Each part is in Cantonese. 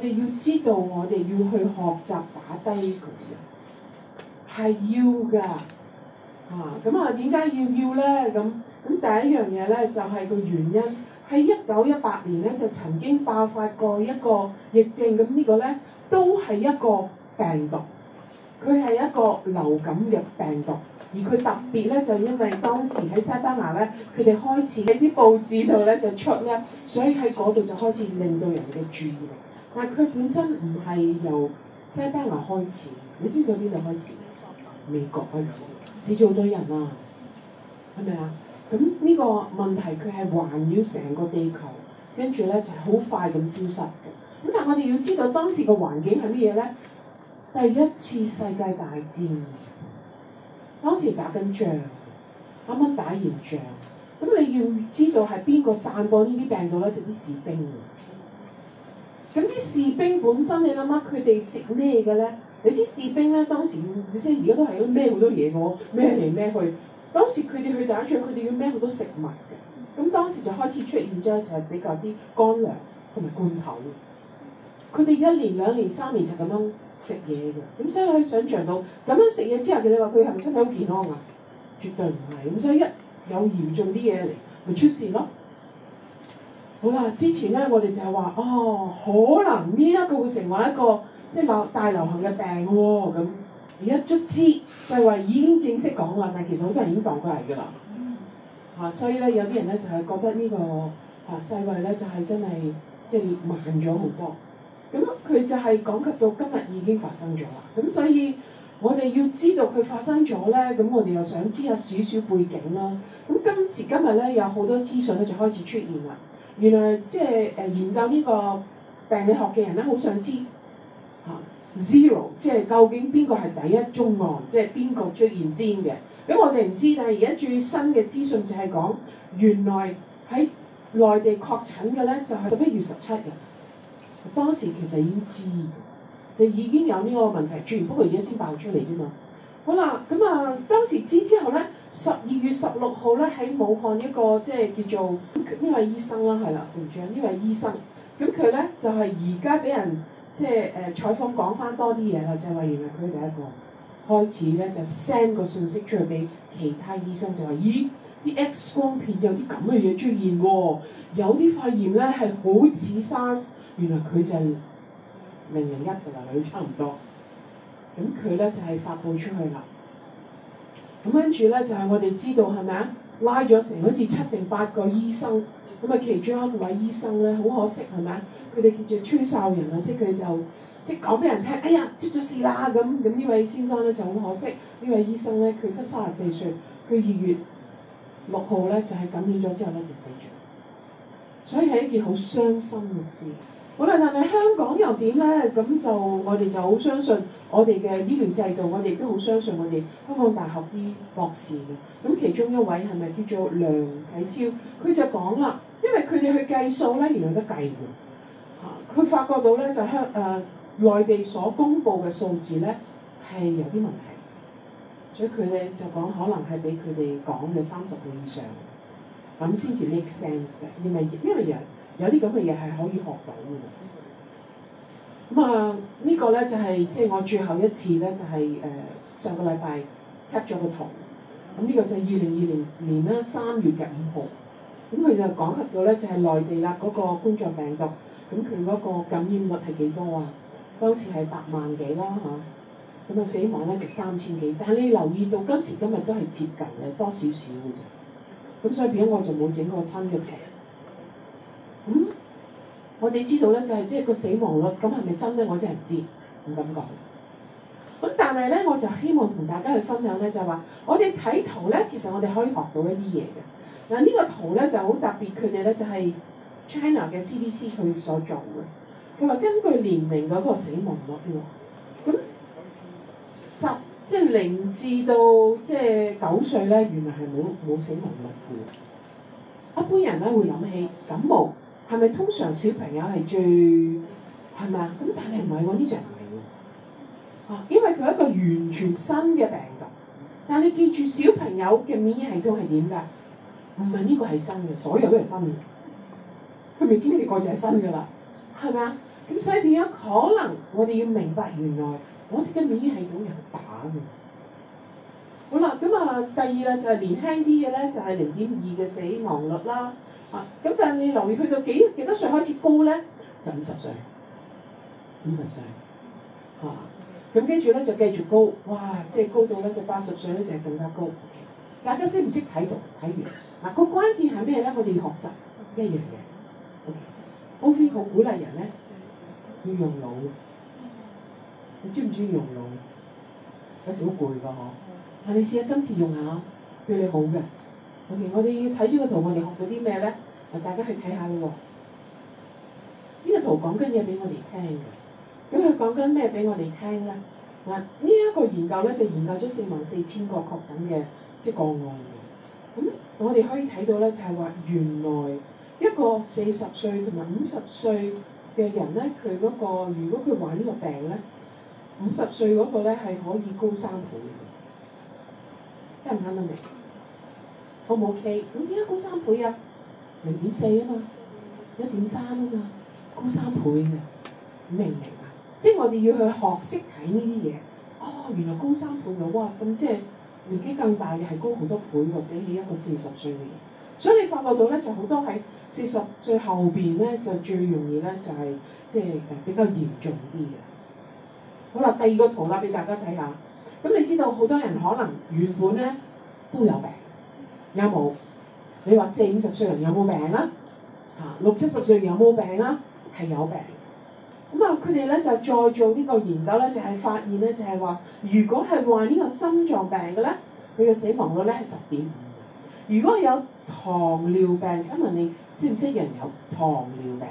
我哋要知道，我哋要去學習打低佢，係要噶嚇。咁啊，點解、啊、要要咧？咁咁第一樣嘢咧，就係、是、個原因。喺一九一八年咧，就曾經爆發過一個疫症。咁呢個咧，都係一個病毒。佢係一個流感嘅病毒，而佢特別咧，就因為當時喺西班牙咧，佢哋開始喺啲報紙度咧就出咧，所以喺嗰度就開始令到人嘅注意力。但係佢本身唔係由西班牙開始，你知唔知喺邊度開始？美國開始，死咗好多人啊，係咪啊？咁呢個問題佢係環繞成個地球，跟住咧就係、是、好快咁消失。咁但係我哋要知道當時個環境係乜嘢咧？第一次世界大戰，當時打緊仗，啱啱打完仗，咁你要知道係邊個散播呢啲病毒咧？就啲、是、士兵。咁啲士兵本身你諗下佢哋食咩嘅咧？你知士兵咧當時，你知而家都係咯，孭好多嘢嘅孭嚟孭去。當時佢哋去打仗，佢哋要孭好多食物嘅。咁當時就開始出現咗，就係比較啲乾糧同埋罐頭。佢哋一年、兩年、三年就咁樣食嘢嘅，咁所以你可以想象到咁樣食嘢之後，你話佢係咪身體好健康啊？絕對唔係。咁所以一有嚴重啲嘢嚟，咪出事咯。好啦，之前咧我哋就係話，哦，可能呢一個會成為一個即係流大流行嘅病喎，哦，咁而家卒之世衛已經正式講啦，但係其實好多人已經當佢嚟㗎啦。嚇、嗯啊，所以咧有啲人咧就係、是、覺得、這個啊、呢個嚇世衛咧就係、是、真係即係慢咗好多。咁佢就係講及到今日已經發生咗啦。咁所以我哋要知道佢發生咗咧，咁我哋又想知下少少背景啦。咁今時今日咧有好多資訊咧就開始出現啦。原來即係誒研究呢個病理學嘅人咧，好想知嚇 zero，即係究竟邊個係第一宗案，即係邊個出現先嘅。咁我哋唔知，但係而家最新嘅資訊就係講，原來喺內地確診嘅咧就係十一月十七日，當時其實已經知，就已經有呢個問題，只不過而家先爆出嚟啫嘛。好啦，咁啊，當時知之後咧。十二月十六號咧，喺武漢一個即係叫做呢位醫生啦，係啦，唔知啊呢位醫生，咁佢咧就係而家俾人即係誒採訪講翻多啲嘢啦，就係話原來佢第一個開始咧就 send 個信息出去俾其他醫生，就話咦啲 X 光片有啲咁嘅嘢出現喎，有啲肺炎咧係好似 SARS，原來佢就係名人一嘅啦，佢差唔多，咁佢咧就係發布出去啦。咁跟住咧就係我哋知道係咪啊？拉咗成好似七定八個醫生，咁啊其中一位醫生咧好可惜係咪啊？佢哋叫做吹哨人啊，即係佢就即係講俾人聽，哎呀，出咗事啦。咁咁呢位先生咧就好可惜，呢位醫生咧佢得三十四歲，佢二月六號咧就係感染咗之後咧就死咗，所以係一件好傷心嘅事。無論係咪香港又點咧，咁就我哋就好相信我哋嘅醫療制度，我哋亦都好相信我哋香港大學啲博士嘅。咁其中一位係咪叫做梁啟超？佢就講啦，因為佢哋去計數咧，原來都計嘅。嚇！佢發覺到咧就香、呃、內地所公佈嘅數字咧係有啲問題，所以佢咧就講可能係比佢哋講嘅三十倍以上，咁先至 make sense 嘅，因為因為人。有啲咁嘅嘢係可以學到嘅，咁啊、這個、呢個咧就係、是、即係我最後一次咧就係、是、誒、呃、上個禮拜 cut 咗個圖，咁呢個就係二零二零年咧三月嘅五號，咁佢就講及到咧就係、是、內地啦嗰個冠狀病毒，咁佢嗰個感染率係幾多啊？當時係八萬幾啦吓，咁啊死亡咧值三千幾，但係你留意到今時今日都係接近嘅多少少嘅啫，咁所以變咗我就冇整個新嘅圖。嗯，我哋知道呢，就係即係個死亡率，咁係咪真呢？我真係唔知道，咁講。咁但係呢，我就希望同大家去分享呢，就話我哋睇圖呢，其實我哋可以學到一啲嘢嘅。嗱、這、呢個圖呢就好特別，佢哋呢就係 China 嘅 CDC 佢所做嘅，佢話根據年齡嗰個死亡率喎。咁十即係零至到即係九歲呢，原來係冇冇死亡率嘅。一般人呢會諗起感冒。係咪通常小朋友係最係咪啊？咁但係唔係，我呢隻唔係啊，因為佢係一個完全新嘅病毒。但係你記住，小朋友嘅免疫系統係點㗎？唔係呢個係新嘅，所有都係新嘅。佢未經歷過就係新㗎啦，係咪啊？咁所以有可能我哋要明白，原來我哋嘅免疫系統有打嘅。好啦，咁啊，第二啦就係年輕啲嘅咧，就係零點二嘅死亡率啦。啊！咁但係你留意去到幾幾多歲開始高咧？就五十歲，五十歲嚇。咁跟住咧就繼續高，哇！即係高到咧就八十歲咧就更加高。Okay、大家都識唔識睇圖？睇完嗱、啊 okay 嗯、個關鍵係咩咧？我哋要學習一樣嘢，公司好鼓勵人咧要用腦。你中唔中意用腦？有時好攰㗎呵。係、啊、你試下今次用下，對你好嘅。Okay，我哋我哋睇住個圖，我哋學到啲咩咧？啊，大家去睇下咯喎！呢、呢個圖講緊嘢俾我哋聽嘅，咁佢講緊咩俾我哋聽咧？啊，呢一個研究咧就研究咗四萬四千個確診嘅即個案咁、嗯、我哋可以睇到咧，就係、係、話原來一個四十歲同埋五十歲嘅人咧，佢嗰、嗰個如果佢患呢個病咧，五十歲嗰個咧係可以高三倍。聽唔聽得明？我冇 K，咁點解高三倍啊？零點四啊嘛，一點三啊嘛，高三倍嘅明唔明啊？即係我哋要去學識睇呢啲嘢。哦，原來高三倍嘅，哇！咁即係年紀更大嘅係高好多倍喎，比起一個四十歲嘅人。所以你發覺到咧，就好多喺四十歲後邊咧，就最容易咧、就係，就係即係誒比較嚴重啲嘅。好啦，第二個圖啦，俾大家睇下。咁你知道好多人可能原本咧都有病。有冇？你話四五十歲人有冇病啊？嚇，六七十歲人有冇病啊？係有病。咁啊，佢哋呢就再做呢個研究呢，就係、是、發現呢，就係、是、話，如果係患呢個心臟病嘅呢，佢嘅死亡率呢係十點五。如果有糖尿病，請問你識唔識人有糖尿病？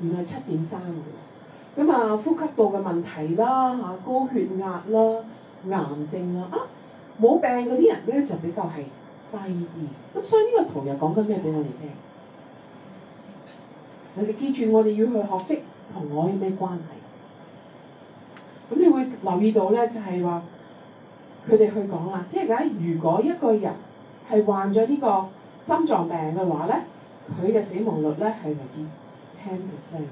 原來是七點三。咁啊，呼吸道嘅問題啦，高血壓啦，癌症啦，啊，冇病嗰啲人呢，就比較係。第二。咁所以呢個圖又講緊咩？俾我哋聽。你哋記住，我哋要去學識同我有咩關係？咁你會留意到咧，就係話佢哋去講啦，即係假如如果一個人係患咗呢個心臟病嘅話咧，佢嘅死亡率咧係未知 ten percent。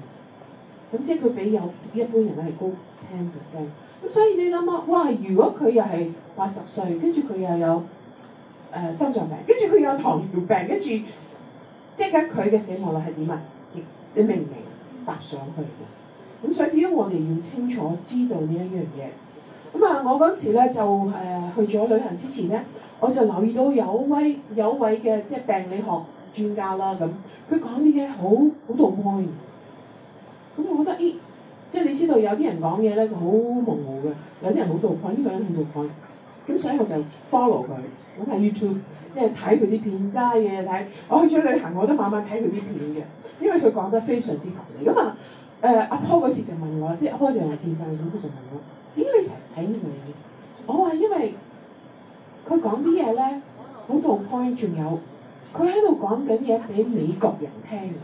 咁即係佢比有一般人咧係高 ten percent。咁所以你諗下，哇！如果佢又係八十歲，跟住佢又有。誒心臟病，跟住佢有糖尿病，跟住即係佢嘅死亡率係點啊？你明唔明？搭上去嘅，咁、嗯、所以我哋要清楚知道呢一樣嘢。咁、嗯、啊，我嗰時咧就誒、呃、去咗旅行之前咧，我就留意到有位有位嘅即係病理學專家啦咁，佢講啲嘢好好到 point。咁、嗯、我覺得，咦，即係你知道有啲人講嘢咧就好模糊嘅，有啲人好到 point，呢、這個人好到 point。咁所以我就 follow 佢，咁喺 YouTube 即係睇佢啲片，齋嘢睇。我去出旅行我都慢慢睇佢啲片嘅，因為佢講得非常之合理啊嘛。誒，阿 Paul 嗰次就問我，即係阿 Paul 就係前世咁，佢就問我：咦，你成日睇呢樣嘢？我話因為佢講啲嘢咧好到位，仲有佢喺度講緊嘢俾美國人聽，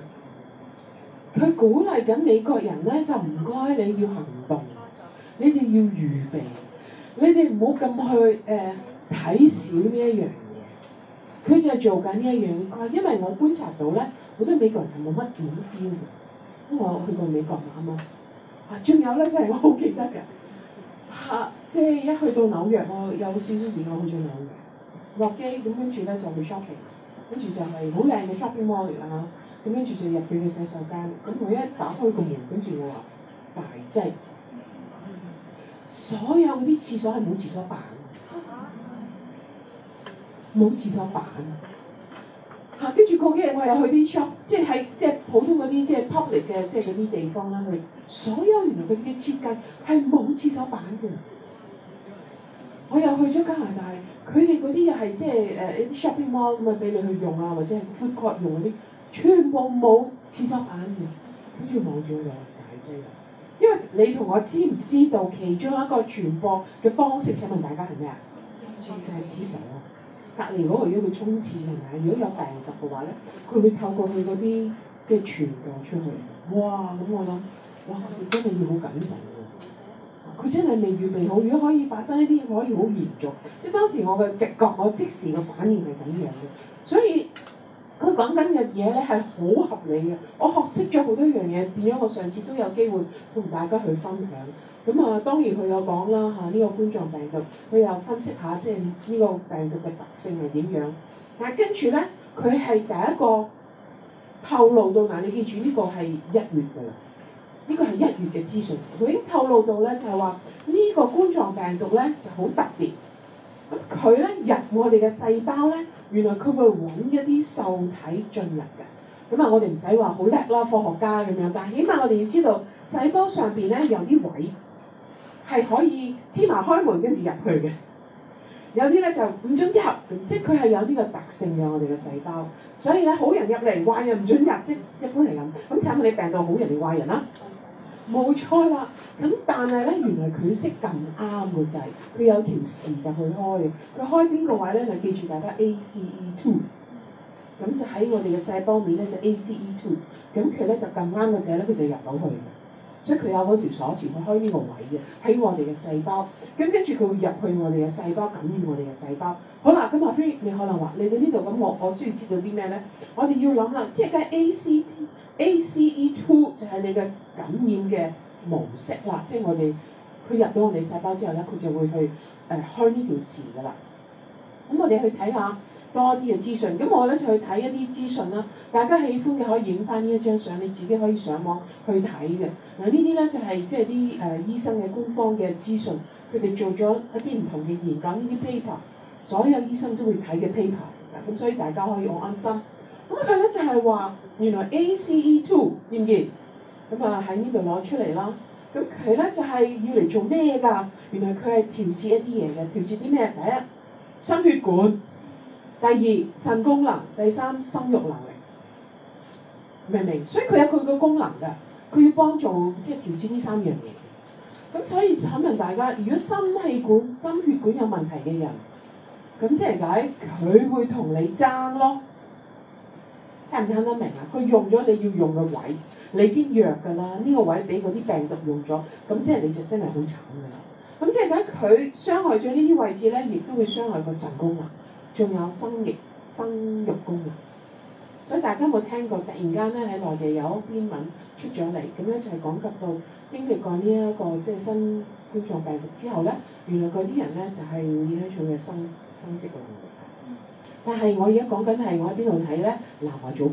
佢鼓勵緊美國人咧就唔該你要行動，你哋要預備。你哋唔好咁去誒睇少呢一樣嘢，佢，呃、就係做緊呢一樣嘢。因為我觀察到咧，好多美國人係冇乜點知嘅。因為我去過美國嘛啊嘛，啊仲有咧就係我好記得嘅，嚇、啊！即係一去到紐約，我有少少時間去咗紐約，落機咁跟住咧就去 shopping，跟住就係好靚嘅 shopping mall 嚟啦。咁跟住就入去嘅洗手間，咁佢一打開個門，跟住我話，大劑。所有嗰啲廁所係冇廁所板，冇廁所板嚇。跟住嗰啲日我又去啲 shop，即係即係普通嗰啲即係 public 嘅即係嗰啲地方啦。佢所有原來佢啲設計係冇廁所板嘅。我又去咗加拿大，佢哋嗰啲又係即係誒一啲 shopping mall 咁啊，俾你去用啊，或者係 food court 用嗰啲，全部冇廁所板嘅。跟住冇咗又大劑啦。因為你同我知唔知道其中一個傳播嘅方式？請問大家係咩、嗯、啊？就係指住，隔離嗰個如果佢沖廁係咪、嗯、如果有病毒嘅話咧，佢會透過佢嗰啲即係傳播出去。哇！咁、嗯、我諗，哇！你真係要好謹慎嘅，佢真係未預備好。如果可以發生一啲可以好嚴重，即係當時我嘅直覺，我即時嘅反應係咁樣嘅，所以。佢講緊嘅嘢咧係好合理嘅，我學識咗好多樣嘢，變咗我上次都有機會同大家去分享。咁啊，當然佢有講啦嚇，呢個冠狀病毒佢又分析下即係呢個病毒嘅特性係點樣。但係跟住咧，佢係第一個透露到嗱，你記住呢個係一月㗎啦，呢個係一月嘅資訊。佢已經透露到咧就係話呢個冠狀病毒咧就好特別，咁佢咧入我哋嘅細胞咧。原來佢會揾一啲受體進入嘅，咁啊我哋唔使話好叻啦，科學家咁樣，但係起碼我哋要知道細胞上邊咧有啲位係可以芝麻開門跟住入去嘅，有啲咧就唔準入，即係佢係有呢個特性嘅我哋嘅細胞，所以咧好人入嚟，壞人唔准入，即係一般嚟講，咁請問你病到好人定壞人啦？冇錯啦，咁但係咧，原來佢識咁啱個掣，佢、就是、有條匙就去開，佢開邊個位咧？咪記住大家 A C E two，咁就喺我哋嘅細胞面咧就是、A C E two，咁佢咧就咁啱個掣咧，佢就入到去，所以佢有嗰條鎖匙去開呢個位嘅，喺我哋嘅細胞，咁跟住佢會入去我哋嘅細胞，感染我哋嘅細胞。好嗱，咁阿飛，你可能話你喺呢度咁，我我需要知道啲咩咧？我哋要諗啦，即係計 A C T ACE two 就係你嘅感染嘅模式啦，即係我哋佢入到我哋細胞之後咧，佢就會去誒、呃、開呢條線噶啦。咁我哋去睇下多啲嘅資訊，咁我咧就去睇一啲資訊啦。大家喜歡嘅可以影返呢一張相，你自己可以上網去睇嘅。嗱呢啲咧就係、是、即係啲誒醫生嘅官方嘅資訊，佢哋做咗一啲唔同嘅研究呢啲 paper，所有醫生都會睇嘅 paper。咁所以大家可以安心。咁佢咧就係、是、話。原來 ACE two，認唔認？咁啊喺呢度攞出嚟啦。咁佢咧就係要嚟做咩㗎？原來佢係調節一啲嘢嘅，調節啲咩？第一心血管，第二腎功能，第三生育能力。明唔明？所以佢有佢嘅功能㗎。佢要幫助即係調節呢三樣嘢。咁所以請問大家，如果心血管、心血管有問題嘅人，咁即係解佢會同你爭咯。聽唔聽得明啊？佢用咗你要用嘅位，你啲藥噶啦。呢、這個位俾嗰啲病毒用咗，咁即係你就真係好慘噶啦。咁即係等佢傷害咗呢啲位置咧，亦都會傷害個腎功能，仲有生兒生育功能。所以大家有冇聽過？突然間咧喺內地有一篇文出咗嚟，咁咧就係講及到經歷過呢、這、一個即係新冠狀病毒之後咧，原來嗰啲人咧就係會影響佢嘅生生殖功能。但係我而家講緊係我喺邊度睇咧？《南華早報》，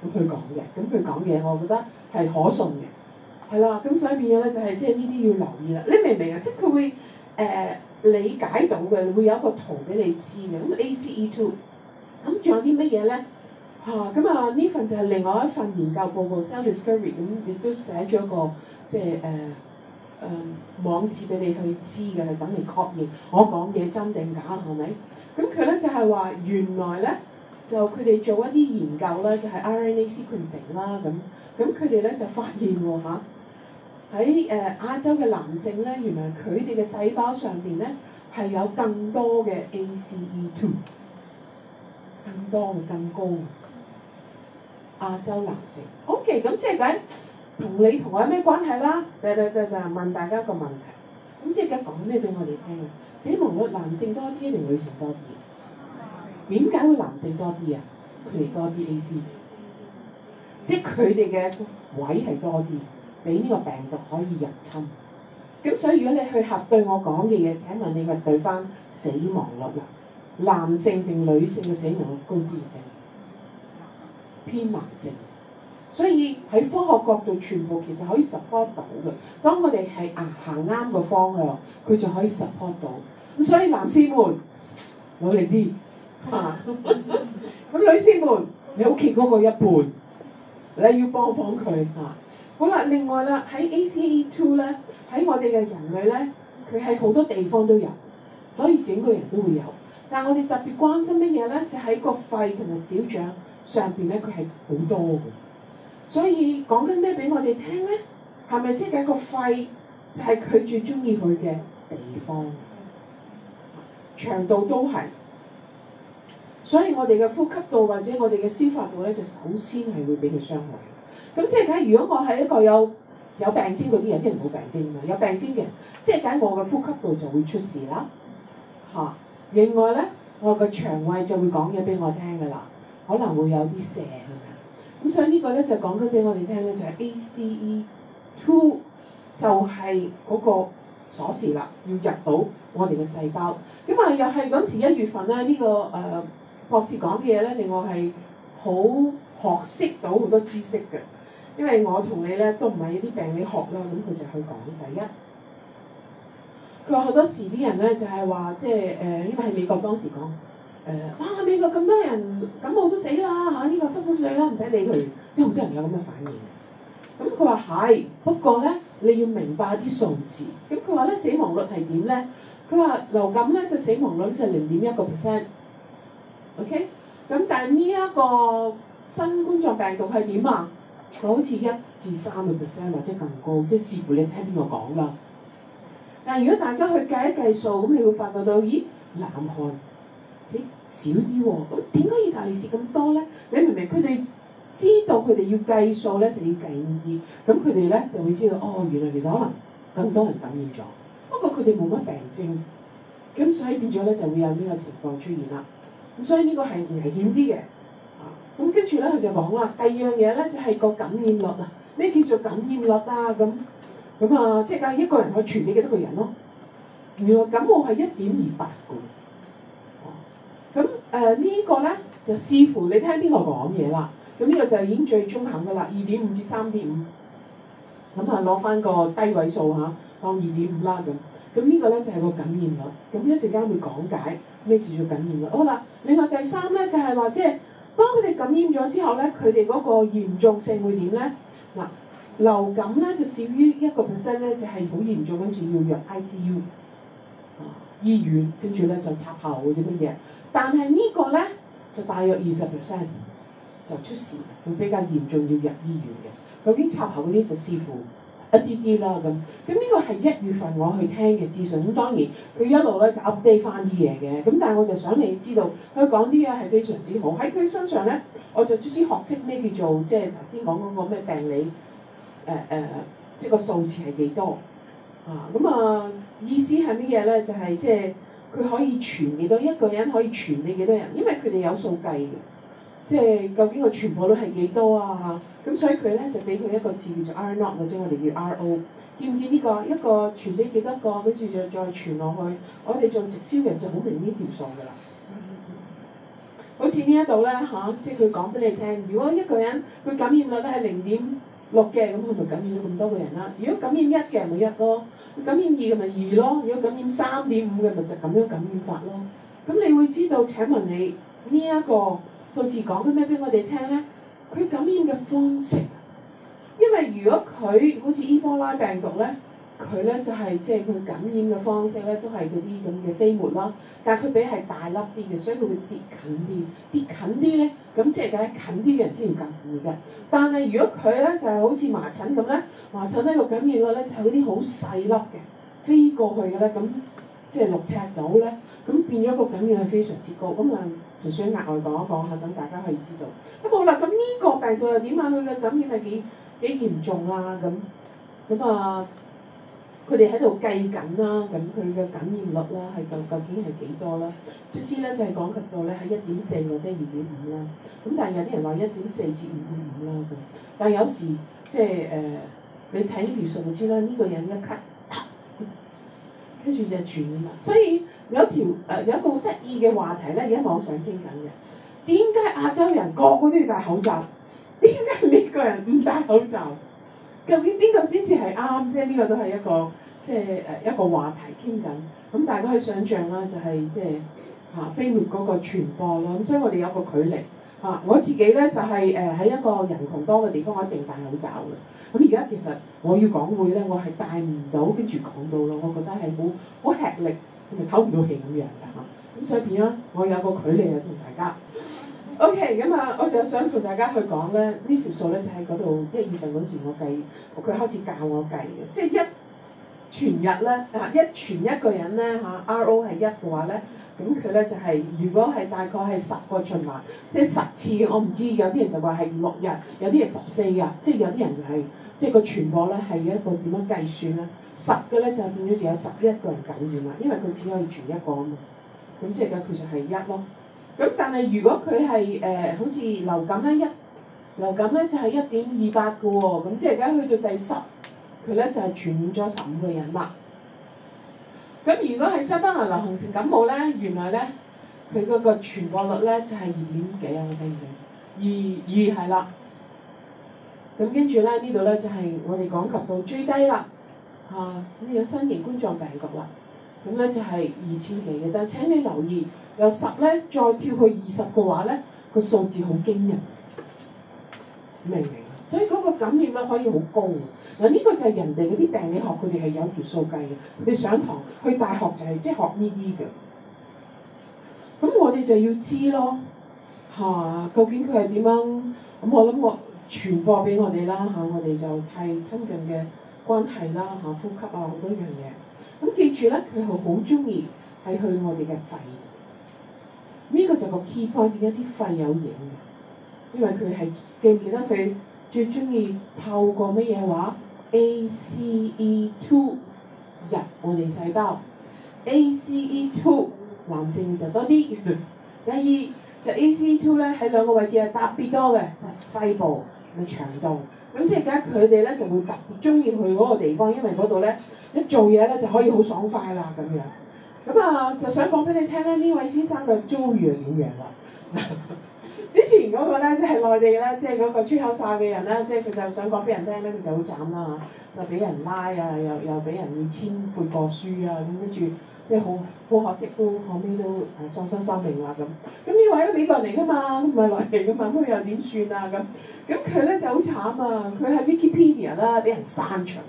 咁佢講嘅，咁佢講嘢，我覺得係可信嘅，係啦。咁所以變咗咧，就係即係呢啲要留意啦。你明唔明啊？即係佢會誒、呃、理解到嘅，會有一個圖俾你知嘅。咁 A C E two，咁仲有啲乜嘢咧？吓，咁啊！呢份就係另外一份研究報告《Self Discovery》咁，亦都寫咗個即係誒。誒網址俾你去知嘅，係等你確認我講嘢真定假，係咪？咁佢咧就係、是、話、就是呃，原來咧就佢哋做一啲研究咧，就係 RNA sequencing 啦咁。咁佢哋咧就發現喎，喺誒亞洲嘅男性咧，原來佢哋嘅細胞上邊咧係有更多嘅 ACE2，更多嘅更高亞洲男性。OK，咁即係講。同你同我有咩關係啦？對對對對，問大家一個問題，咁即係講咩俾我哋聽啊？死亡率男性多啲定女性多啲？點解會男性多啲啊？佢哋多啲 A C，即係佢哋嘅位係多啲，俾呢個病毒可以入侵。咁所以如果你去核對我講嘅嘢，請問你係對翻死亡率啦，男性定女性嘅死亡率高啲嘅啫，偏男性。所以喺科學角度，全部其實可以 support 到嘅。當我哋係啊行啱個方向，佢就可以 support 到。咁所以男士們，我哋啲嚇；咁、 啊、女士們，你屋企嗰個一半，你要幫幫佢嚇、啊。好啦，另外啦，喺 ACE2 咧，喺我哋嘅人類咧，佢喺好多地方都有，所以整個人都會有。但係我哋特別關心乜嘢咧？就喺個肺同埋小腸上邊咧，佢係好多嘅。所以講緊咩俾我哋聽咧？係咪即係個肺就係佢最中意佢嘅地方？腸道都係。所以我哋嘅呼吸道或者我哋嘅消化道咧，就首先係會俾佢傷害。咁即係睇，如果我係一個有有病徵嗰啲人，啲人冇病徵㗎，有病徵嘅，即係睇我嘅呼吸道就會出事啦。嚇、啊！另外咧，我個腸胃就會講嘢俾我聽㗎啦，可能會有啲瀉。咁所以這個呢個咧就講緊俾我哋聽咧，就係、就是、ACE two 就係嗰個鎖匙啦，要入到我哋嘅細胞。咁啊，又係嗰時一月份咧，呢、這個誒、呃、博士講嘅嘢咧，令我係好學識到好多知識嘅。因為我同你咧都唔係一啲病理學啦，咁佢就去講。第一，佢話好多時啲人咧就係、是、話，即、就、係、是呃、因為係美國當時講。誒，哇！美國咁多人感冒都死啦嚇，呢個濕濕碎啦，唔使理佢，即係好多人有咁嘅反應。咁佢話係，不過咧，你要明白啲數字。咁佢話咧，死亡率係點咧？佢話流感咧就死亡率咧就係零點一個 percent。OK，咁但係呢一個新冠狀病毒係點啊？就好似一至三個 percent 或者更高，即係視乎你聽邊個講啦。但係如果大家去計一計數，咁你會發覺到，咦，冷汗。少啲喎、哦，點解意大利死咁多咧？你明明佢哋知道佢哋要計數咧，就要計呢啲，咁佢哋咧就會知道哦，原來其實可能更多人感染咗，不過佢哋冇乜病症，咁所以變咗咧就會有呢個情況出現啦。咁所以呢個係危險啲嘅。啊、嗯，咁跟住咧佢就講啦，第二樣嘢咧就係個感染率啊，咩叫做感染率啊？咁咁啊，即係一個人去傳俾幾多個人咯？原來感冒係一點二八嘅。誒、呃、這個、呢個咧就視乎你聽邊個講嘢啦。咁、這、呢個就已經最中肯噶啦，二點五至三點五。咁啊攞翻個低位數嚇，當二點五啦咁。咁、這個、呢個咧就係、是、個感染率。咁一陣間會講解咩叫做感染率。好啦，另外第三咧就係、是、話即係當佢哋感染咗之後咧，佢哋嗰個嚴重性會點咧？嗱，流感咧就少於一個 percent 咧，就係好嚴重，跟住要入 ICU 啊醫院，跟住咧就插喉或者乜嘢。但係呢個咧就大約二十 percent 就出事，會比較嚴重，要入醫院嘅。佢已經插喉嗰啲就似乎一啲啲啦咁。咁呢、呢個係一月份我去聽嘅資訊，咁當然佢一路咧就 update 翻啲嘢嘅。咁但係我就想你知道佢講啲嘢係非常之好，喺佢身上咧，我就知知學識咩叫做即係頭先講嗰個咩病理，誒誒、呃呃，即係個數字係幾多啊？咁啊意思係咩嘢咧？就係、是、即係。佢可以傳幾多？一個人可以傳俾幾多人？因為佢哋有數計嘅，即係究竟個傳播率係幾多啊？咁所以佢咧就俾佢一個字叫做 R not 或者我哋叫 R O，見唔見呢個一個傳俾幾多個，跟住就再傳落去，我哋做直銷人就好明呢條數㗎啦。好似呢一度咧嚇，即係佢講俾你聽，如果一個人佢感染率咧係零點六嘅咁佢咪感染咗咁多個人啦。如果感染一嘅咪一咯，感染二嘅咪二咯。如果感染三點五嘅咪就咁樣感染法咯。咁你會知道？請問你呢一個數字講啲咩俾我哋聽呢？佢感染嘅方式，因為如果佢好似伊波拉病毒咧。佢咧就係、是、即係佢感染嘅方式咧，都係嗰啲咁嘅飛沫啦。但係佢比係大粒啲嘅，所以佢會跌近啲。跌近啲咧，咁即係梗係近啲嘅人先至感染嘅啫。但係如果佢咧就係、是、好似麻疹咁咧，麻疹咧個感染率咧就係嗰啲好細粒嘅飛過去嘅咧，咁即係六尺到咧，咁變咗個感染率非常之高。咁啊，純粹額外講一講下，咁大家可以知道。不過啦，咁呢個病毒又點啊？佢嘅感染係幾幾嚴重啊？咁咁啊～佢哋喺度計緊啦，咁佢嘅感染率啦，係究究竟係幾多啦？總之咧就係講及到咧喺一點四或者二點五啦。咁但係有啲人話一點四至二點五啦，咁但係有時即係誒、呃，你睇呢條數就知啦。呢、呢個人一咳、啊，跟住就傳染，所以有一條誒有一個好得意嘅話題咧，而家網上傾緊嘅，點解亞洲人個個都要戴口罩？點解美國人唔戴口罩？究竟邊個先至係啱？啫？呢個都係一個。即係誒一個話題傾緊，咁大家可以想像啦、就是，就係即係嚇飛沫嗰個傳播咯，咁所以我哋有個距離嚇、啊。我自己咧就係誒喺一個人羣多嘅地方，我一定戴口罩嘅。咁而家其實我要講會咧，我係戴唔到跟住講到咯，我覺得係好好吃力同埋唞唔到氣咁樣嘅嚇。咁所以變咗我有個距離去同大家。OK，咁啊，我就想同大家去講咧，這個、呢條數咧就喺嗰度一月份嗰時我計，佢開始教我計嘅，即係一。全日咧嚇一傳一個人咧嚇、啊、R O 係一嘅話咧，咁佢咧就係、是、如果係大概係十個循環，即、就、係、是、十次。我唔知有啲人就話係六日，有啲係十四日，即、就、係、是、有啲人就係即係個傳播咧係一個點樣計算咧？十嘅咧就變咗有十一個人感染啦，因為佢只可以傳一個啊嘛。咁即係佢就其係一咯。咁但係如果佢係誒好似流感咧一，流感咧就係一點二八嘅喎。咁即係而家去到第十，佢咧就係、是、傳染咗十五個人啦。咁如果係西班牙流行性感冒咧，原來咧佢嗰個傳播率咧就係、是、二點幾啊，你明唔明？二二係啦。咁跟住咧呢度咧就係、是、我哋講及到最低啦。咁、啊、有新型冠狀病毒啦。咁咧就係二千幾嘅，但係請你留意，由十咧再跳去二十嘅話咧，個數字好驚人，明唔明？所以嗰個感染率可以好高，嗱、這、呢個就係人哋嗰啲病理學佢哋係有條數計嘅。你上堂去大學就係、是、即係學呢啲嘅，咁我哋就要知道咯、啊、究竟佢係點樣？咁、啊、我諗我傳播俾我哋啦、啊、我哋就睇親近嘅關係啦、啊、呼吸啊好多樣嘢。咁、啊、記住咧，佢係好鍾意喺去我哋嘅肺。呢、這個就是個 key point，一啲肺有嘢嘅，因為佢係記唔記得佢？最中意透過乜嘢話？ACE two 入我哋細胞。ACE two 男性就多啲。 第二就 ACE two 咧喺兩個位置係特別多嘅，就肺部同腸道。咁即係而家佢哋咧就會特別中意去嗰個地方，因為嗰度咧一做嘢咧就可以好爽快啦咁樣。咁啊，就想講俾你聽咧，呢位先生嘅遭遇係點樣啦。 之前嗰個咧即係內地咧，即係嗰個吹口哨嘅人咧，即係佢就想講俾人聽咧，佢就好慘啦嚇，就俾人拉啊，又又俾人簽背過書啊，咁跟住即係好好可惜後面都後屘都喪失生命啦咁。咁、呃、呢位都美國人嚟噶嘛，唔係內地噶嘛，咁佢又點算啊咁？咁佢咧就好慘啊！佢喺 Wikipedia 啦，俾人刪除。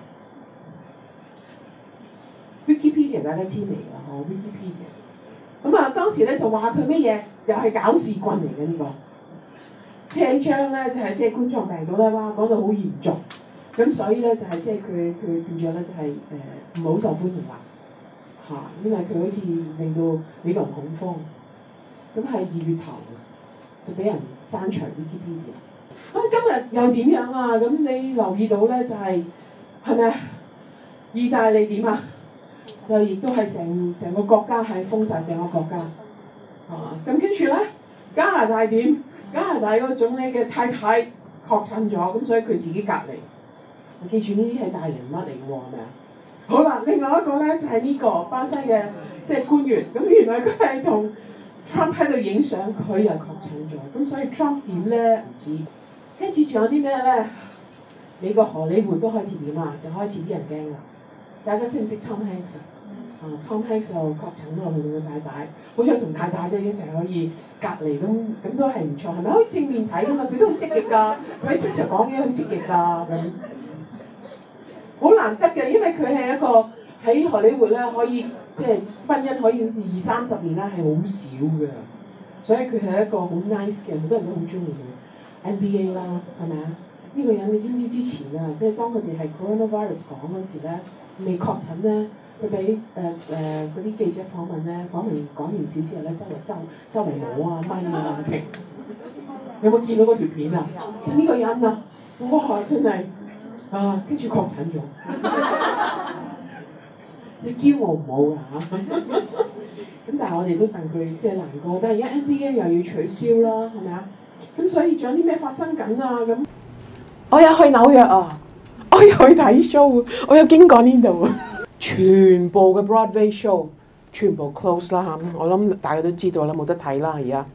Wikipedia 大家知未㗎，哦 Wikipedia。咁、嗯、啊，當時咧就話佢乜嘢？又係搞事棍嚟嘅呢個。車窗咧就係即係冠狀病毒咧，哇講到好嚴重，咁所以咧就係即係佢佢變咗咧就係誒唔好受歡迎啦，嚇、啊，因為佢好似令到比較恐慌，咁係二月頭就俾人刪除啲啲嘢。咁今日又點樣啊？咁你留意到咧就係係咪意大利點啊？就亦都係成成個國家係封曬成個國家，係咁跟住咧加拿大點？加拿大嗰個總理嘅太太確診咗，咁所以佢自己隔離。記住呢啲係大人物嚟嘅喎，係咪啊？好啦，另外一個咧就係呢個巴西嘅即係官員，咁原來佢係同 Trump 喺度影相，佢又確診咗，咁所以 Trump 點咧唔知。跟住仲有啲咩咧？美國荷里活都開始點啦，就開始啲人驚啦。大家識唔識 Tom Hanks？啊、uh,，Tom Hanks 度、uh, 確診咗佢嘅太太，uh, 大大好彩同太太啫一齊可以隔離咁，咁都係唔錯，係咪可以正面睇㗎嘛？佢都好積極㗎，佢喺經常講嘢好積極㗎咁，好 難得嘅，因為佢係一個喺荷里活咧可以即係、就是、婚姻可以好似二三十年啦，係好少嘅，所以佢係一個好 nice 嘅好多人都好中意佢 NBA 啦，係咪啊？呢、這個人你知唔知之前啊，即係當佢哋係 Coronavirus 講嗰時咧，未確診咧。佢俾誒誒嗰啲記者訪問咧，講完講完事之後咧，周圍周周圍攞啊掹啊食，有冇見到個條片啊？就呢個人啊！哇！真係 啊！跟住確診咗，最驕傲唔好啊！咁但係我哋都問佢即係難過，但係 NBA 又要取消啦，係咪啊？咁所以仲有啲咩發生緊啊？咁我又去紐約啊！我又去睇 show，我又經過呢度。全部嘅 Broadway show 全部 close 啦嚇，我諗大家都知道啦，冇得睇啦而家。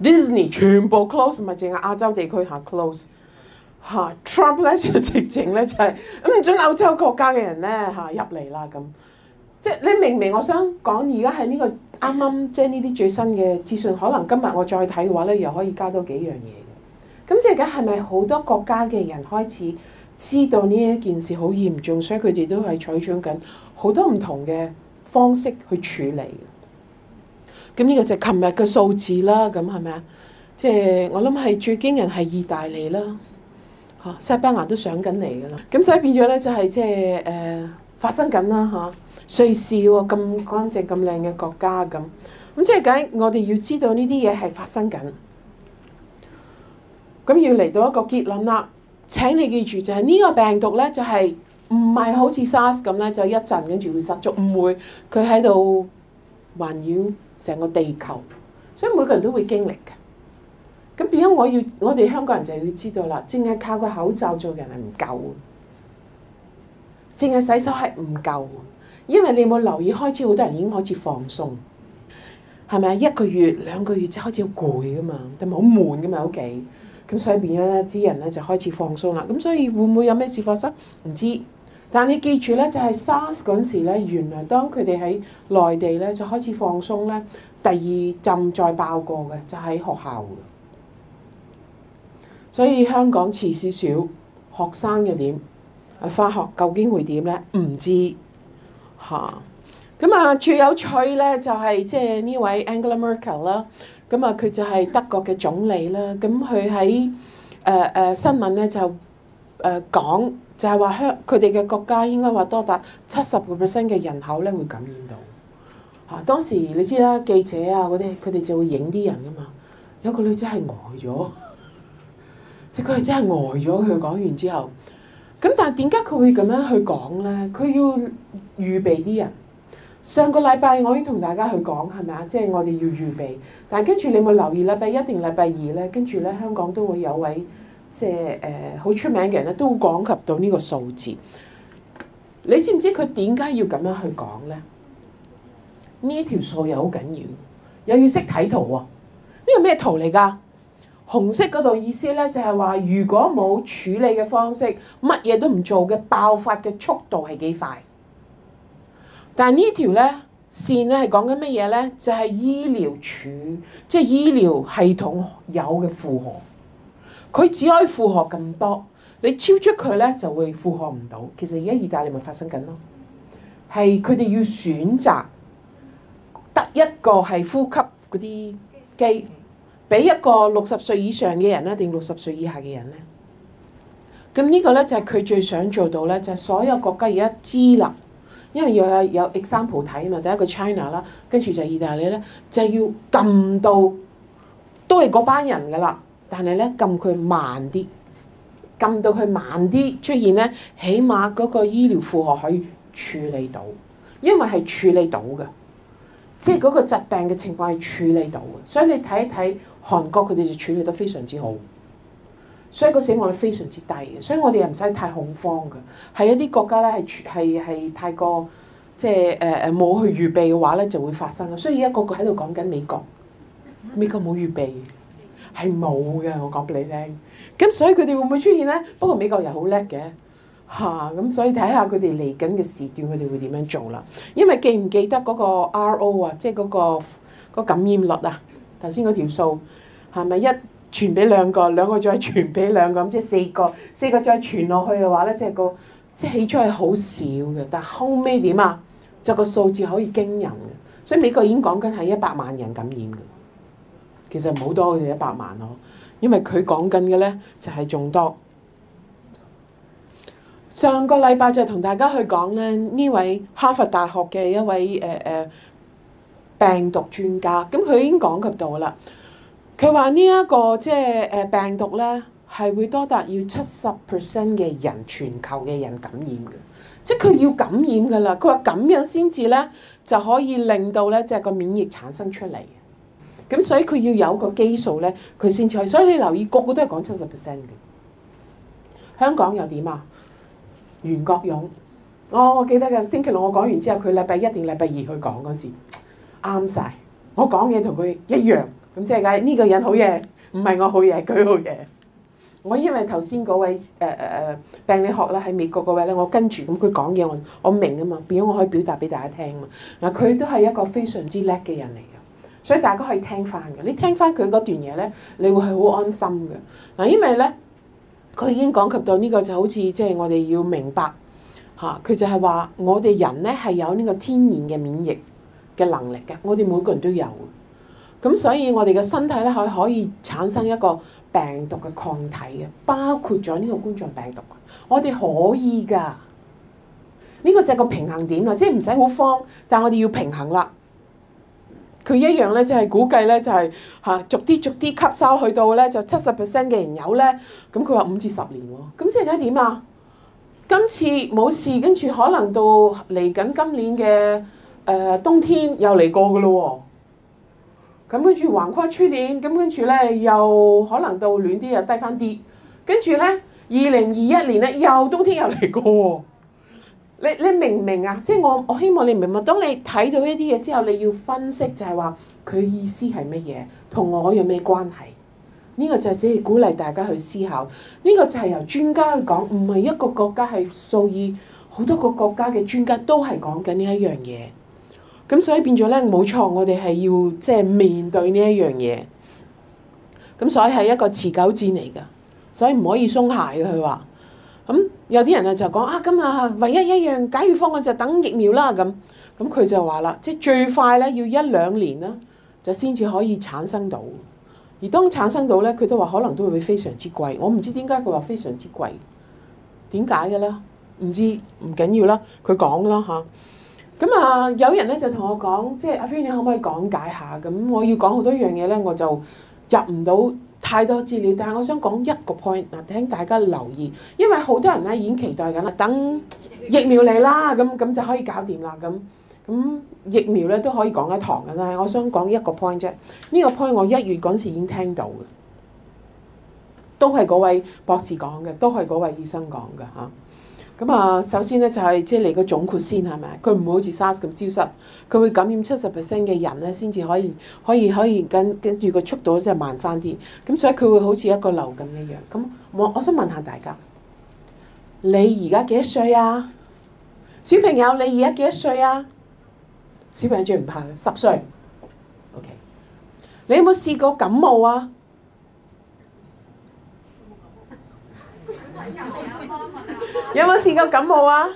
Disney 全部 close，咪係淨係亞洲地區嚇 close 吓 Trump、啊、咧就直情咧就係咁唔准歐洲國家嘅人咧嚇入嚟啦咁。即係你明唔明？我想講而家喺呢個啱啱即係呢啲最新嘅資訊，可能今日我再睇嘅話咧，又可以加多幾樣嘢嘅。咁即係而家係咪好多國家嘅人開始？知道呢一件事好嚴重，所以佢哋都係採取緊好多唔同嘅方式去處理。咁呢個就係琴日嘅數字啦，咁係咪啊？即係我諗係最驚人係意大利啦，嚇西班牙都上緊嚟噶啦。咁所以變咗咧，就係即係誒發生緊啦，嚇瑞士喎咁乾淨咁靚嘅國家咁。咁即係梗，我哋要知道呢啲嘢係發生緊。咁要嚟到一個結論啦。請你記住，就係呢個病毒咧，就係唔係好似 SARS 咁咧，就一陣跟住會失足，唔會佢喺度環繞成個地球，所以每個人都會經歷嘅。咁變咗，我要我哋香港人就要知道啦，淨係靠個口罩做人係唔夠，淨係洗手係唔夠，因為你有冇留意開始好多人已經開始放鬆，係咪啊？一個月兩個月之後開始攰噶嘛，同埋好悶噶嘛，喺屋企。咁所以變咗咧，啲人咧就開始放鬆啦。咁所以會唔會有咩事發生？唔知。但你記住咧，就係 SARS 嗰時咧，原來當佢哋喺內地咧就開始放鬆咧，第二浸再爆過嘅，就喺學校。所以香港遲少少，學生又點？啊，返學究竟會點咧？唔知嚇。咁啊，最有趣咧就係即係呢位 Angela Merkel 啦。咁啊，佢就係德國嘅總理啦。咁佢喺誒誒新聞咧就誒講，就係話香佢哋嘅國家應該話多達七十個 percent 嘅人口咧會感染到。嚇、啊！當時你知啦，記者啊嗰啲，佢哋就會影啲人噶嘛。有個女仔係呆咗，即佢係真係呆咗。佢講完之後，咁但係點解佢會咁樣去講咧？佢要預備啲人。上個禮拜我已經同大家去講係咪啊？即係、就是、我哋要預備，但係跟住你有冇留意禮拜一定禮拜二咧？跟住咧香港都會有位即係誒好出名嘅人咧，都會講及到呢個數字。你知唔知佢點解要咁樣去講咧？呢條數又好緊要，又要識睇圖喎、哦。呢個咩圖嚟㗎？紅色嗰度意思咧就係話，如果冇處理嘅方式，乜嘢都唔做嘅，爆發嘅速度係幾快？但係呢條咧線咧係講緊乜嘢咧？就係、是、醫療處，即、就、係、是、醫療系統有嘅負荷，佢只可以負荷咁多。你超出佢咧就會負荷唔到。其實而家意大利咪發生緊咯，係佢哋要選擇得一個係呼吸嗰啲機，俾一個六十歲以上嘅人咧，定六十歲以下嘅人咧？咁呢個咧就係、是、佢最想做到咧，就係、是、所有國家而家知啦。因為有有 example 睇啊嘛，第一個 China 啦，跟住就係意大利咧，就係要撳到都係嗰班人㗎喇，但係咧撳佢慢啲，撳到佢慢啲出現咧，起碼嗰個醫療負荷可以處理到，因為係處理到嘅，即係嗰個疾病嘅情況係處理到嘅，所以你睇一睇韓國佢哋就處理得非常之好。所以個死亡率非常之低嘅，所以我哋又唔使太恐慌㗎。係一啲國家咧，係係係太過即係誒誒冇去預備嘅話咧，就會發生。所以而家個個喺度講緊美國，美國冇預備，係冇嘅。我講俾你聽。咁所以佢哋會唔會出現咧？不過美國又好叻嘅吓，咁所以睇下佢哋嚟緊嘅時段，佢哋會點樣做啦？因為記唔記得嗰個 RO 啊，即係嗰個個感染率啊，頭先嗰條數係咪一？傳俾兩個，兩個再傳俾兩個，咁即係四個，四個再傳落去嘅話咧，即係個即係起初係好少嘅，但後尾點啊？就個數字可以驚人嘅，所以美國已經講緊係一百萬人感染嘅，其實唔好多嘅一百萬咯，因為佢講緊嘅咧就係、是、仲多。上個禮拜就同大家去講咧，呢位哈佛大學嘅一位誒誒、呃、病毒專家，咁佢已經講及到啦。佢話呢一個即係誒病毒咧，係會多達要七十 percent 嘅人，全球嘅人感染嘅，即係佢要感染嘅啦。佢話咁樣先至咧，就可以令到咧即係個免疫產生出嚟。咁所以佢要有個基數咧，佢先至係。所以你留意，個個都係講七十 percent 嘅。香港又點啊？袁國勇，哦，我記得嘅星期六我講完之後，佢禮拜一定禮拜二去講嗰時啱晒。我講嘢同佢一樣。咁即係㗎，呢個人好嘢，唔係我好嘢，係佢好嘢。我因為頭先嗰位誒誒誒病理學啦，喺美國嗰位咧，我跟住咁佢講嘢，我我明啊嘛，變咗我可以表達俾大家聽啊嘛。嗱，佢都係一個非常之叻嘅人嚟嘅，所以大家可以聽翻嘅。你聽翻佢嗰段嘢咧，你會係好安心嘅。嗱，因為咧，佢已經講及到呢個就好似即係我哋要明白吓，佢、啊、就係話我哋人咧係有呢個天然嘅免疫嘅能力嘅，我哋每個人都有。咁所以我哋嘅身體咧可以可以產生一個病毒嘅抗體嘅，包括咗呢個冠狀病毒。我哋可以㗎，呢、這個就係個平衡點啦，即係唔使好慌，但係我哋要平衡啦。佢一樣咧，即係估計咧，就係、是、嚇、就是啊、逐啲逐啲吸收去到咧，就七十 percent 嘅人有咧，咁佢話五至十年喎、哦，咁、嗯、即係而家點啊？今次冇事，跟住可能到嚟緊今年嘅誒、呃、冬天又嚟過噶咯喎。咁跟住橫跨出年，咁跟住咧又可能到暖啲又低翻啲，跟住咧二零二一年咧又冬天又嚟過哦。你你明唔明啊？即係我我希望你明唔明，當你睇到呢啲嘢之後，你要分析就係話佢意思係乜嘢，同我有咩關係？呢個就係只係鼓勵大家去思考。呢個就係由專家去講，唔係一個國家係數以好多個國家嘅專家都係講緊呢一樣嘢。咁所以變咗咧冇錯，我哋係要即係、即係、面對呢一樣嘢。咁所以係一個持久戰嚟噶，所以唔可以鬆懈嘅。佢話：咁有啲人啊就講啊，咁啊唯一一樣解決方案就等疫苗啦。咁咁佢就話啦，即係最快咧要一兩年啦，就先至可以產生到。而當產生到咧，佢都話可能都會非常之貴。我唔知點解佢話非常之貴，點解嘅咧？唔知唔緊要啦，佢講啦嚇。咁啊，有人咧就同我講，即係阿菲，你可唔可以講解下？咁我要講好多樣嘢咧，我就入唔到太多資料。但係我想講一個 point，嗱，請大家留意，因為好多人咧已經期待緊啦，等疫苗嚟啦，咁咁就可以搞掂啦，咁咁疫苗咧都可以講一堂㗎啦。我想講一個 point 啫，呢個 point 我一月嗰陣時已經聽到嘅，都係嗰位博士講嘅，都係嗰位醫生講嘅吓。咁啊，首先咧就係即係嚟個總括先係咪？佢唔會好似 SARS 咁消失，佢會感染七十 percent 嘅人咧先至可以，可以可以跟跟住個速度即係慢翻啲。咁所以佢會好似一個流感一樣。咁我我想問下大家，你而家幾多歲啊？小朋友，你而家幾多歲啊？小朋友最唔怕，十歲。OK，你有冇試過感冒啊？ 有冇試過感冒啊？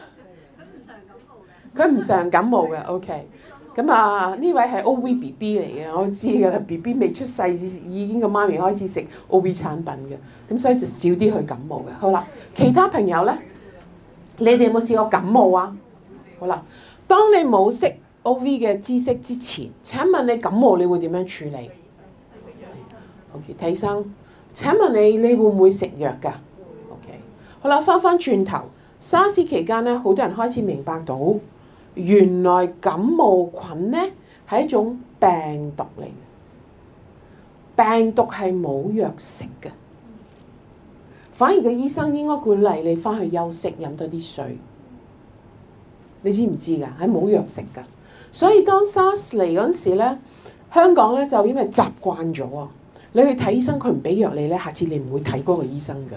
佢唔常感冒嘅。佢唔常感冒嘅。OK。咁啊，呢位係 OVBB 嚟嘅，我知㗎啦。BB 未出世，已經個媽咪開始食 OV 產品嘅。咁所以就少啲去感冒嘅。好啦，其他朋友咧，你哋有冇試過感冒啊？好啦，當你冇識 OV 嘅知識之前，請問你感冒你會點樣處理？OK，睇醫生。請問你你會唔會食藥㗎？好啦，翻翻轉頭，SARS 期間咧，好多人開始明白到原來感冒菌咧係一種病毒嚟嘅，病毒係冇藥食嘅，反而個醫生應該鼓勵你翻去休息，飲多啲水。你知唔知㗎？係冇藥食㗎。所以當 SARS 嚟嗰陣時咧，香港咧就因為習慣咗啊，你去睇醫生佢唔俾藥你咧，下次你唔會睇嗰個醫生㗎。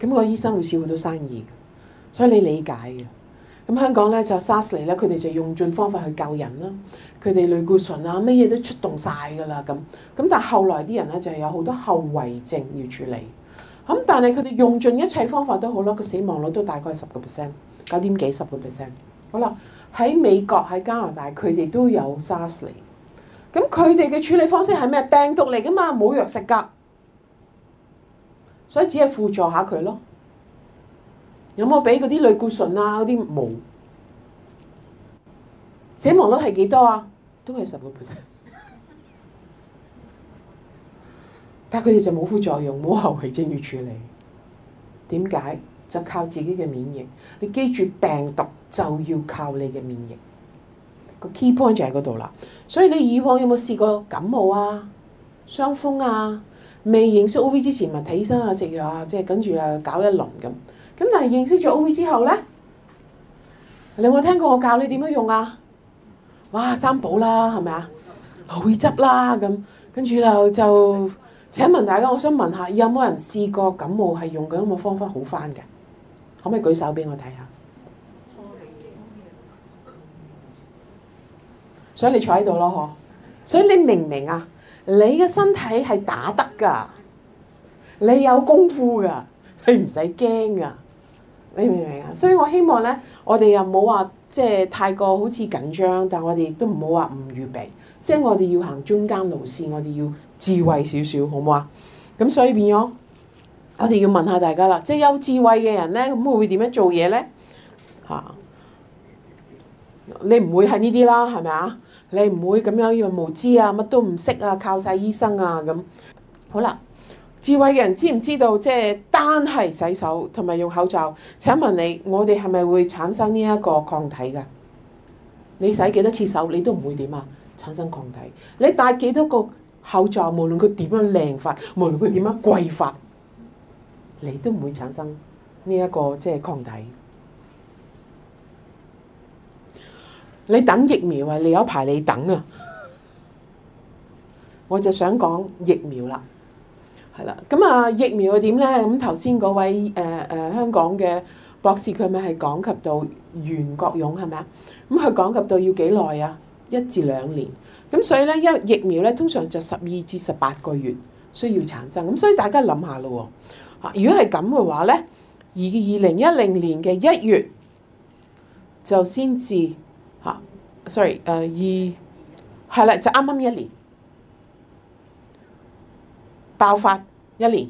咁個醫生會少好多生意，所以你理解嘅。咁香港咧就 SARS 嚟咧，佢哋就用盡方法去救人啦。佢哋類固醇啊，乜嘢都出動晒噶啦咁。咁但係後來啲人咧就係有好多後遺症要處理。咁但係佢哋用盡一切方法都好啦，個死亡率都大概十個 percent，九點幾十個 percent。好啦，喺美國喺加拿大，佢哋都有 SARS 嚟。咁佢哋嘅處理方式係咩？病毒嚟噶嘛，冇藥食㗎。所以只係輔助下佢咯，有冇俾嗰啲類固醇啊？嗰啲冇，死亡率係幾多啊？都係十個 percent，但係佢哋就冇副作用，冇後遺症要處理。點解？就靠自己嘅免疫。你記住，病毒就要靠你嘅免疫。個 key point 就喺嗰度啦。所以你以往有冇試過感冒啊、傷風啊？未認識 OV 之前，咪睇醫生啊、食藥啊，即係跟住啊搞一輪咁。咁但係認識咗 OV 之後咧，你有冇聽過我教你點樣用啊？哇，三寶啦，係咪啊？蘆薈汁啦，咁跟住啦就請問大家，我想問下，有冇人試過感冒係用咁嘅方法好翻嘅？可唔可以舉手俾我睇下？嗯嗯嗯、所以你坐喺度咯，嗬、嗯，所以你明唔明啊？你嘅身體係打得㗎，你有功夫㗎，你唔使驚㗎，你明唔明啊？所以我希望咧，我哋又唔好話即係太過好似緊張，但我哋亦都唔好話唔預備，即係我哋要行中間路線，我哋要智慧少少，好唔好啊？咁所以變咗，我哋要問下大家啦，即係有智慧嘅人咧，咁會會點樣做嘢咧？嚇，啊，你唔會係呢啲啦，係咪啊？你唔會咁樣因為無知啊，乜都唔識啊，靠晒醫生啊咁。好啦，智慧人知唔知道即係單係洗手同埋用口罩？請問你，我哋係咪會產生呢一個抗體噶？你洗幾多次手，你都唔會點啊產生抗體。你戴幾多個口罩，無論佢點樣靚法，無論佢點樣貴法，你都唔會產生呢一個即係抗體。你等疫苗啊！你有排你等啊。 我就想講疫苗啦，係啦。咁啊，疫苗係點咧？咁頭先嗰位誒誒、呃呃、香港嘅博士，佢咪係講及到袁國勇係咪啊？咁佢講及到要幾耐啊？一至兩年咁，所以咧一疫苗咧，通常就十二至十八個月需要產生咁，所以大家諗下咯喎。如果係咁嘅話咧，而二零一零年嘅一月就先至。嚇，sorry，誒、uh，二係啦，就啱啱一年爆發一年，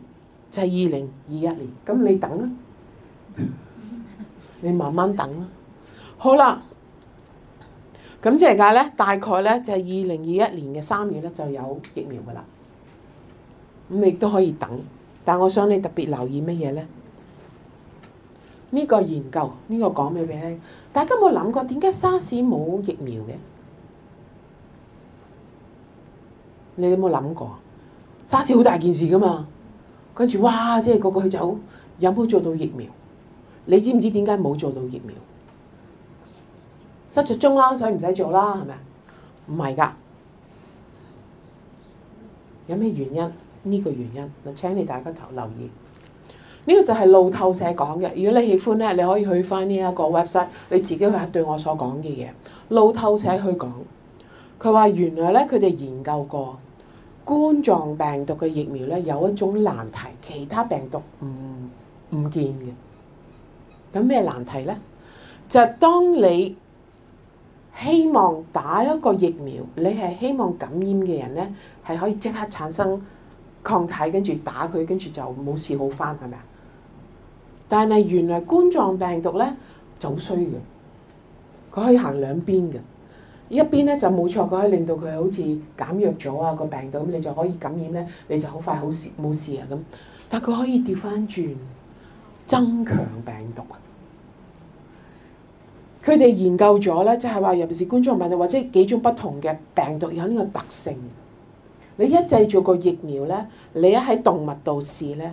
就係二零二一年，咁你等啦，你慢慢等啦。好啦，咁即係而家咧，大概咧就係二零二一年嘅三月咧就有疫苗嘅啦。咁亦都可以等，但我想你特別留意乜嘢咧？呢個研究，呢個講俾你聽，大家有冇諗過點解沙士冇疫苗嘅？你有冇諗過啊？沙士好大件事噶嘛，跟住哇，即係個個去走，有冇做到疫苗？你知唔知點解冇做到疫苗？失咗蹤啦，所以唔使做啦，係咪啊？唔係㗎，有咩原因？呢個原因，我請你大家頭留意。呢個就係路透社講嘅。如果你喜歡咧，你可以去返呢一個 website，你自己去對我所講嘅嘢。路透社去講，佢話原來咧，佢哋研究過冠狀病毒嘅疫苗咧，有一種難題，其他病毒唔唔見嘅。咁咩難題呢？就係當你希望打一個疫苗，你係希望感染嘅人咧係可以即刻產生抗體，跟住打佢，跟住就冇事好返，係咪啊？但係原來冠狀病毒咧就好衰嘅，佢可以行兩邊嘅，一邊咧就冇錯，佢可以令到佢好似減弱咗啊、這個病毒，咁你就可以感染咧，你就好快好冇事,事啊咁。但佢可以調翻轉，增強病毒。佢哋 研究咗咧，就係、是、話尤其是冠狀病毒或者幾種不同嘅病毒有呢個特性。你一製造個疫苗咧，你一喺動物度試咧。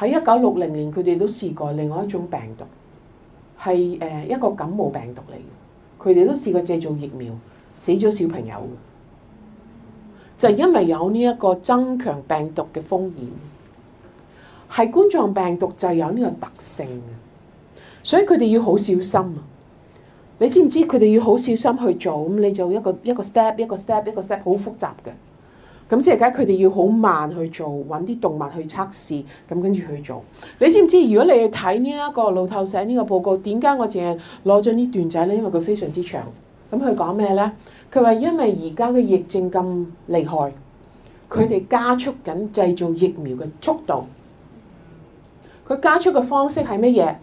喺一九六零年，佢哋都試過另外一種病毒，係誒一個感冒病毒嚟嘅。佢哋都試過製造疫苗，死咗小朋友嘅，就因為有呢一個增強病毒嘅風險，係冠狀病毒就有呢個特性啊。所以佢哋要好小心啊！你知唔知佢哋要好小心去做？咁你就一個一個 step 一個 step 一個 step 好複雜嘅。咁即係而家佢哋要好慢去做，揾啲動物去測試，咁跟住去做。你知唔知？如果你去睇呢一個路透社呢個報告，點解我淨係攞咗呢段仔咧？因為佢非常之長。咁佢講咩咧？佢話因為而家嘅疫症咁厲害，佢哋加速緊製造疫苗嘅速度。佢加速嘅方式係乜嘢？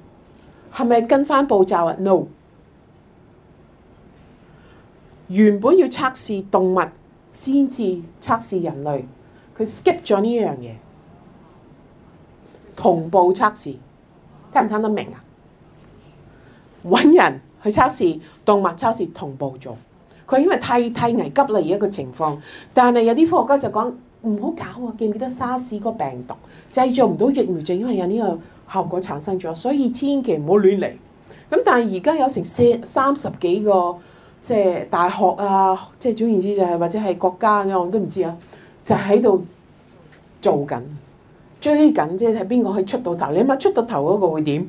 係咪跟翻步驟啊？No，原本要測試動物。先至測試人類，佢 skip 咗呢樣嘢，同步測試，聽唔聽得明啊？搵人去測試，動物測試，同步做，佢因為太太危急啦，而家個情況，但係有啲科學家就講，唔好搞，記唔記得沙士個病毒製造唔到疫苗，就因為有呢個效果產生咗，所以千祈唔好亂嚟。咁但係而家有成三三十幾個。即係大學啊，即係總言之就係或者係國家啊，我都唔知啊，就喺度做緊追緊，即係睇邊個可以出到頭。你諗下出到頭嗰個會點？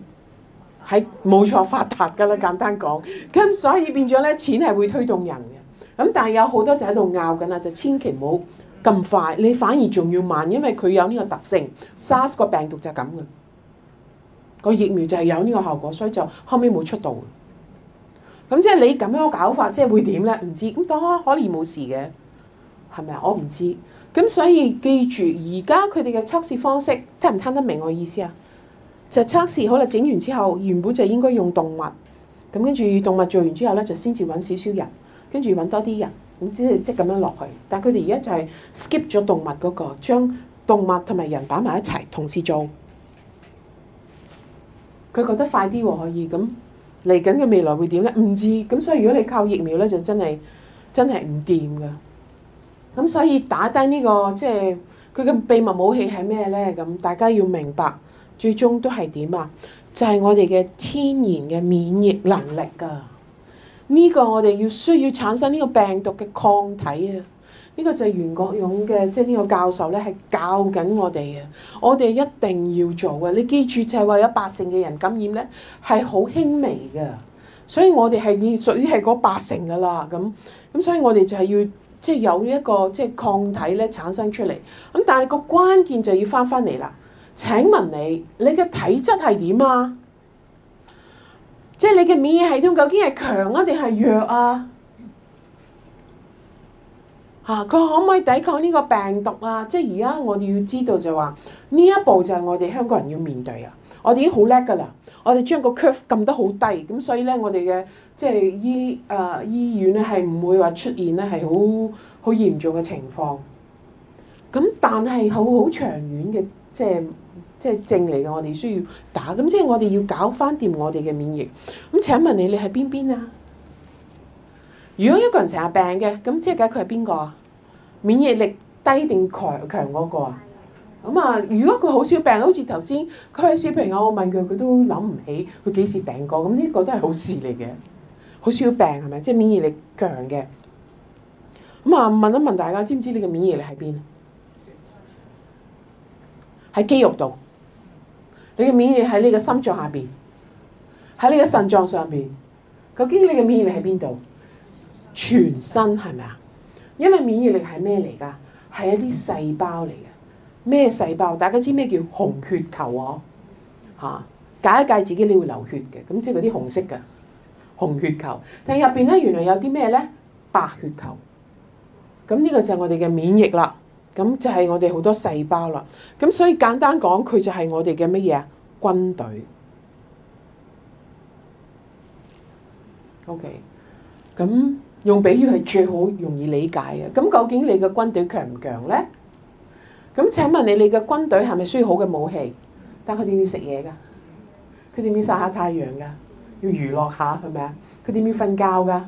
係冇錯發達噶啦，簡單講。咁所以變咗咧，錢係會推動人嘅。咁但係有好多就喺度拗緊啦，就千祈唔好咁快，你反而仲要慢，因為佢有呢個特性。SARS 個病毒就係咁嘅，個疫苗就係有呢個效果，所以就後尾冇出到。咁、嗯、即係你咁樣搞法，即係會點咧？唔知咁講、嗯、可能冇事嘅，係咪啊？我唔知。咁、嗯、所以記住，而家佢哋嘅測試方式，聽唔聽得明我意思啊？就測試好啦，整完之後，原本就應該用動物，咁跟住動物做完之後咧，就先至搵少少人，跟住搵多啲人，咁、嗯、即係即咁樣落去。但係佢哋而家就係 skip 咗動物嗰、那個，將動物同埋人擺埋一齊同時做，佢覺得快啲喎、哦，可以咁。嗯嚟緊嘅未來會點咧？唔知咁，所以如果你靠疫苗咧，就真係真係唔掂噶。咁所以打低呢個即係佢嘅秘密武器係咩咧？咁大家要明白，最終都係點啊？就係我哋嘅天然嘅免疫能力噶。呢個我哋要需要產生呢個病毒嘅抗體啊。呢個就係袁國勇嘅，即係呢個教授咧，係教緊我哋嘅。我哋一定要做嘅。你記住，就係話有八成嘅人感染咧，係好輕微嘅。所以我哋係要屬於係嗰八成噶啦。咁咁，所以我哋就係要即係、就是、有一個即係、就是、抗體咧產生出嚟。咁但係個關鍵就要翻返嚟啦。請問你，你嘅體質係點啊？即、就、係、是、你嘅免疫系統究竟係強啊定係弱啊？啊！佢可唔可以抵抗呢個病毒啊？即係而家我哋要知道就話呢一步就係我哋香港人要面對啊！我哋已經好叻㗎啦！我哋將個 curve 撳得好低，咁所以咧我哋嘅即係醫啊、呃、醫院咧係唔會話出現咧係好好嚴重嘅情況。咁但係好好長遠嘅即係即係症嚟嘅，我哋需要打。咁即係我哋要搞翻掂我哋嘅免疫。咁請問你你喺邊邊啊？如果一個人成日病嘅，咁即係解佢係邊個啊？免疫力低定強強嗰個啊？咁啊，如果佢好少病，好似頭先嗰位小朋友，我問佢，佢都諗唔起佢幾時病過，咁呢個都係好事嚟嘅。好少病係咪？即係免疫力強嘅。咁啊，問一問大家，知唔知你嘅免疫力喺邊？喺肌肉度。你嘅免疫力喺你嘅心臟下邊，喺你嘅腎臟上邊。究竟你嘅免疫力喺邊度？全身係咪啊？因為免疫力係咩嚟㗎？係一啲細胞嚟嘅。咩細胞？大家知咩叫紅血球啊？嚇、啊！解一解自己你會流血嘅，咁即係嗰啲紅色嘅紅血球。但入邊咧，原來有啲咩咧？白血球。咁呢個就係我哋嘅免疫啦。咁就係我哋好多細胞啦。咁所以簡單講，佢就係我哋嘅乜嘢？軍隊。OK。咁。用比喻係最好容易理解嘅。咁究竟你嘅軍隊強唔強咧？咁請問你，你嘅軍隊係咪需要好嘅武器？但佢哋要食嘢㗎？佢哋要晒下太陽㗎？要娛樂下係咪啊？佢哋要瞓覺㗎？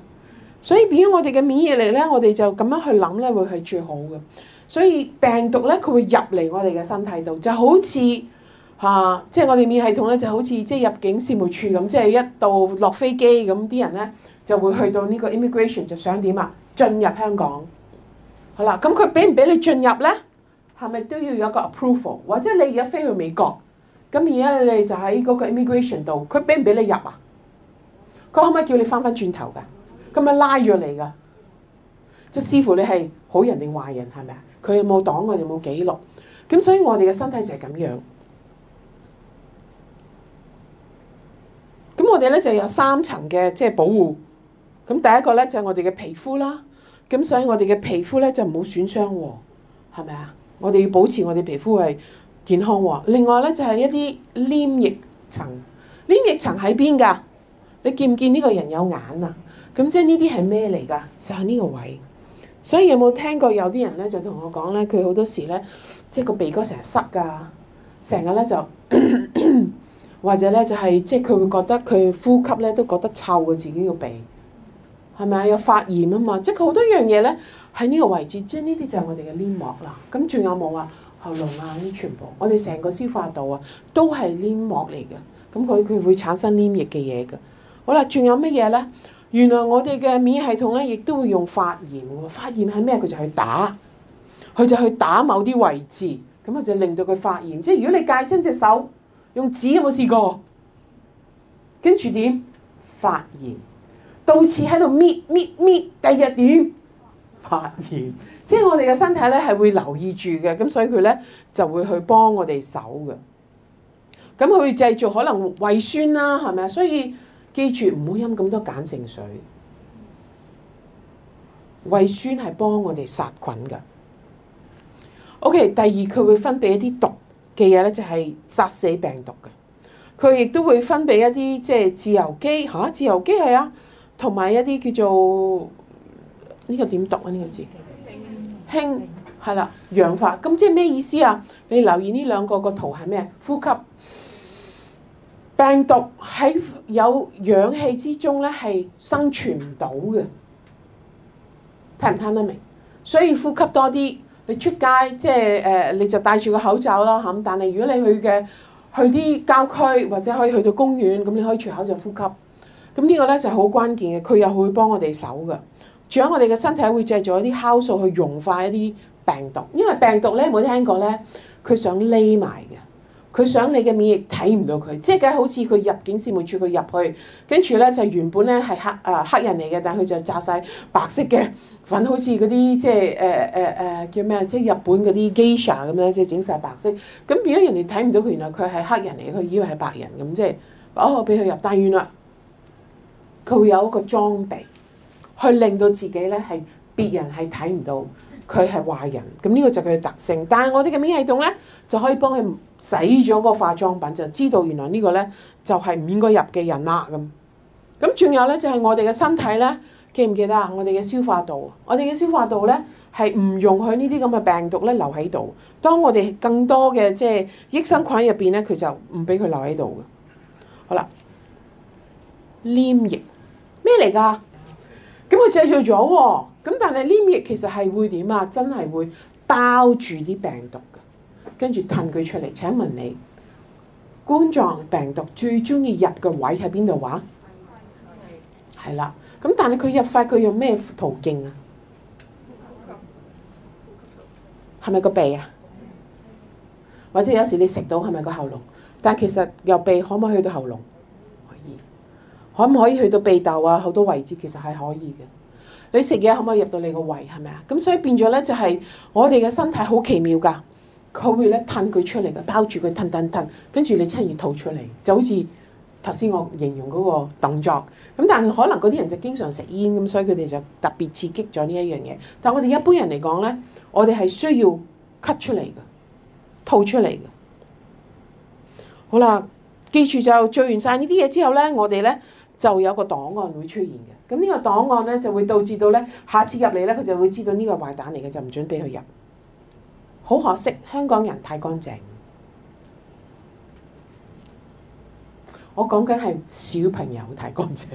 所以，變咗我哋嘅免疫力咧，我哋就咁樣去諗咧，會係最好嘅。所以病毒咧，佢會入嚟我哋嘅身體度，就好似嚇，即係我哋免疫系統咧，就好似即係入境事務處咁，即係一到落飛機咁啲人咧。就會去到呢個 immigration，就想點啊？進入香港，好啦，咁佢俾唔俾你進入咧？係咪都要有個 approval？或者你而家飛去美國，咁而家你就喺嗰個 immigration 度，佢俾唔俾你入啊？佢可唔可以叫你翻翻轉頭噶？咁咪拉咗你噶？即係視乎你係好人定壞人係咪啊？佢有冇黨㗎？我哋有冇記錄？咁所以我哋嘅身體就係咁樣。咁我哋咧就有三層嘅即係保護。咁第一個咧就係我哋嘅皮膚啦，咁所以我哋嘅皮膚咧就唔好損傷喎，係咪啊？我哋要保持我哋皮膚係健康喎。另外咧就係一啲黏液層，黏液層喺邊㗎？你見唔見呢個人有眼啊？咁即係呢啲係咩嚟㗎？就係呢個位。所以有冇聽過有啲人咧就同我講咧，佢好多時咧即係個鼻哥成日塞㗎，成日咧就 或者咧就係即係佢會覺得佢呼吸咧都覺得臭過自己個鼻。係咪啊？有發炎啊嘛！即係佢好多樣嘢咧，喺呢個位置，即係呢啲就係我哋嘅黏膜啦。咁仲有冇啊？喉嚨啊，啲全部，我哋成個消化道啊，都係黏膜嚟嘅。咁佢佢會產生黏液嘅嘢嘅。好啦，仲有乜嘢咧？原來我哋嘅免疫系統咧，亦都會用發炎。發炎係咩？佢就去打，佢就去打某啲位置，咁就令到佢發炎。即係如果你戒親隻手，用紙有冇試過？跟住點？發炎。到處喺度搣搣搣，第日點發炎？ 即係我哋嘅身體咧，係會留意住嘅，咁所以佢咧就會去幫我哋手嘅。咁佢會製造可能胃酸啦，係咪啊？所以記住唔好飲咁多鹼性水。胃酸係幫我哋殺菌嘅。OK，第二佢會分泌一啲毒嘅嘢咧，就係殺死病毒嘅。佢亦都會分泌一啲即係自由基吓、啊？自由基係啊。同埋一啲叫做呢、這個點讀啊？呢、這個字，興係啦，氧化。咁即係咩意思啊？你留意呢兩個個圖係咩？呼吸病毒喺有氧氣之中咧係生存唔到嘅，聽唔聽得明？所以呼吸多啲。你出街即係誒、呃，你就戴住個口罩啦，嚇！但係如果你去嘅去啲郊區或者可以去到公園，咁你可以除口罩呼吸。咁呢個咧就係好關鍵嘅，佢又會幫我哋手噶。仲有我哋嘅身體會借助一啲酵素去溶化一啲病毒，因為病毒咧冇聽過咧，佢想匿埋嘅，佢想你嘅免疫睇唔到佢，即係好似佢入境事務處佢入去，跟住咧就原本咧係黑誒、呃、黑人嚟嘅，但係佢就炸晒白色嘅粉，好似嗰啲即係誒誒誒叫咩啊？即係日本嗰啲 Geisha 咁樣，即係整晒白色。咁如果人哋睇唔到佢，原來佢係黑人嚟，佢以為係白人咁，即係、就是、哦俾佢入大院，但係原佢會有一個裝備，去令到自己咧係別人係睇唔到佢係壞人，咁、這、呢個就係佢嘅特性。但係我哋嘅免疫系統咧，就可以幫佢洗咗個化妝品，就知道原來個呢個咧就係、是、唔應該入嘅人啦咁。咁仲有咧就係、是、我哋嘅身體咧，記唔記得啊？我哋嘅消化道，我哋嘅消化道咧係唔容許呢啲咁嘅病毒咧留喺度。當我哋更多嘅即係益生菌入邊咧，佢就唔俾佢留喺度嘅。好啦。黏液咩嚟㗎？咁佢、嗯、製造咗喎，咁但係黏液其實係會點啊？真係會包住啲病毒嘅，跟住吞佢出嚟。請問你冠狀病毒最鍾意入嘅位喺邊度話？係啦，咁但係佢入法佢用咩途徑啊？係咪個鼻啊？或者有時你食到係咪個喉嚨？但係其實由鼻可唔可以去到喉嚨？可唔可以去到鼻竇啊？好多位置其實係可以嘅。你食嘢可唔可以入到你個胃係咪啊？咁所以變咗咧就係我哋嘅身體好奇妙㗎，佢會咧吞佢出嚟嘅，包住佢吞吞吞，跟住你真係要吐出嚟，就好似頭先我形容嗰個動作。咁但係可能嗰啲人就經常食煙咁，所以佢哋就特別刺激咗呢一樣嘢。但係我哋一般人嚟講咧，我哋係需要咳出嚟嘅，吐出嚟嘅。好啦，記住就做完晒呢啲嘢之後咧，我哋咧。就有個檔案會出現嘅，咁呢個檔案呢，就會導致到呢下次入嚟呢，佢就會知道呢個係壞蛋嚟嘅，就唔準畀佢入。好可惜，香港人太乾淨。我講緊係小朋友太乾淨，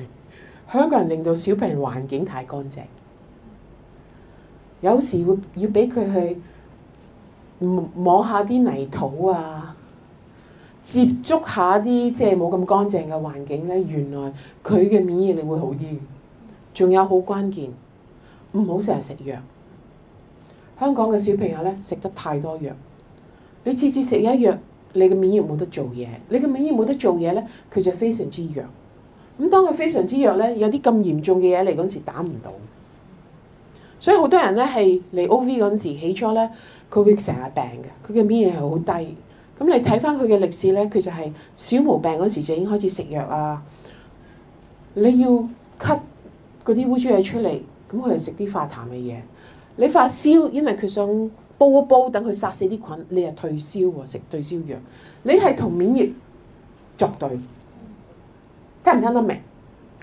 香港人令到小朋友環境太乾淨，有時會要畀佢去摸下啲泥土啊。接觸下啲即係冇咁乾淨嘅環境咧，原來佢嘅免疫力會好啲。仲有好關鍵，唔好成日食藥。香港嘅小朋友咧，食得太多藥，你次次食一藥，你嘅免疫冇得做嘢。你嘅免疫冇得做嘢咧，佢就非常之弱。咁當佢非常之弱咧，有啲咁嚴重嘅嘢嚟嗰陣時打唔到。所以好多人咧係嚟 OV 嗰陣時，起初咧佢會成日病嘅，佢嘅免疫力係好低。咁你睇翻佢嘅歷史咧，佢就係小毛病嗰時就已經開始食藥啊。你要咳嗰啲污糟嘢出嚟，咁佢就食啲化痰嘅嘢。你發燒，因為佢想煲一煲，等佢殺死啲菌，你又退燒喎，啊，食退燒藥。你係同免疫作對，聽唔聽得明？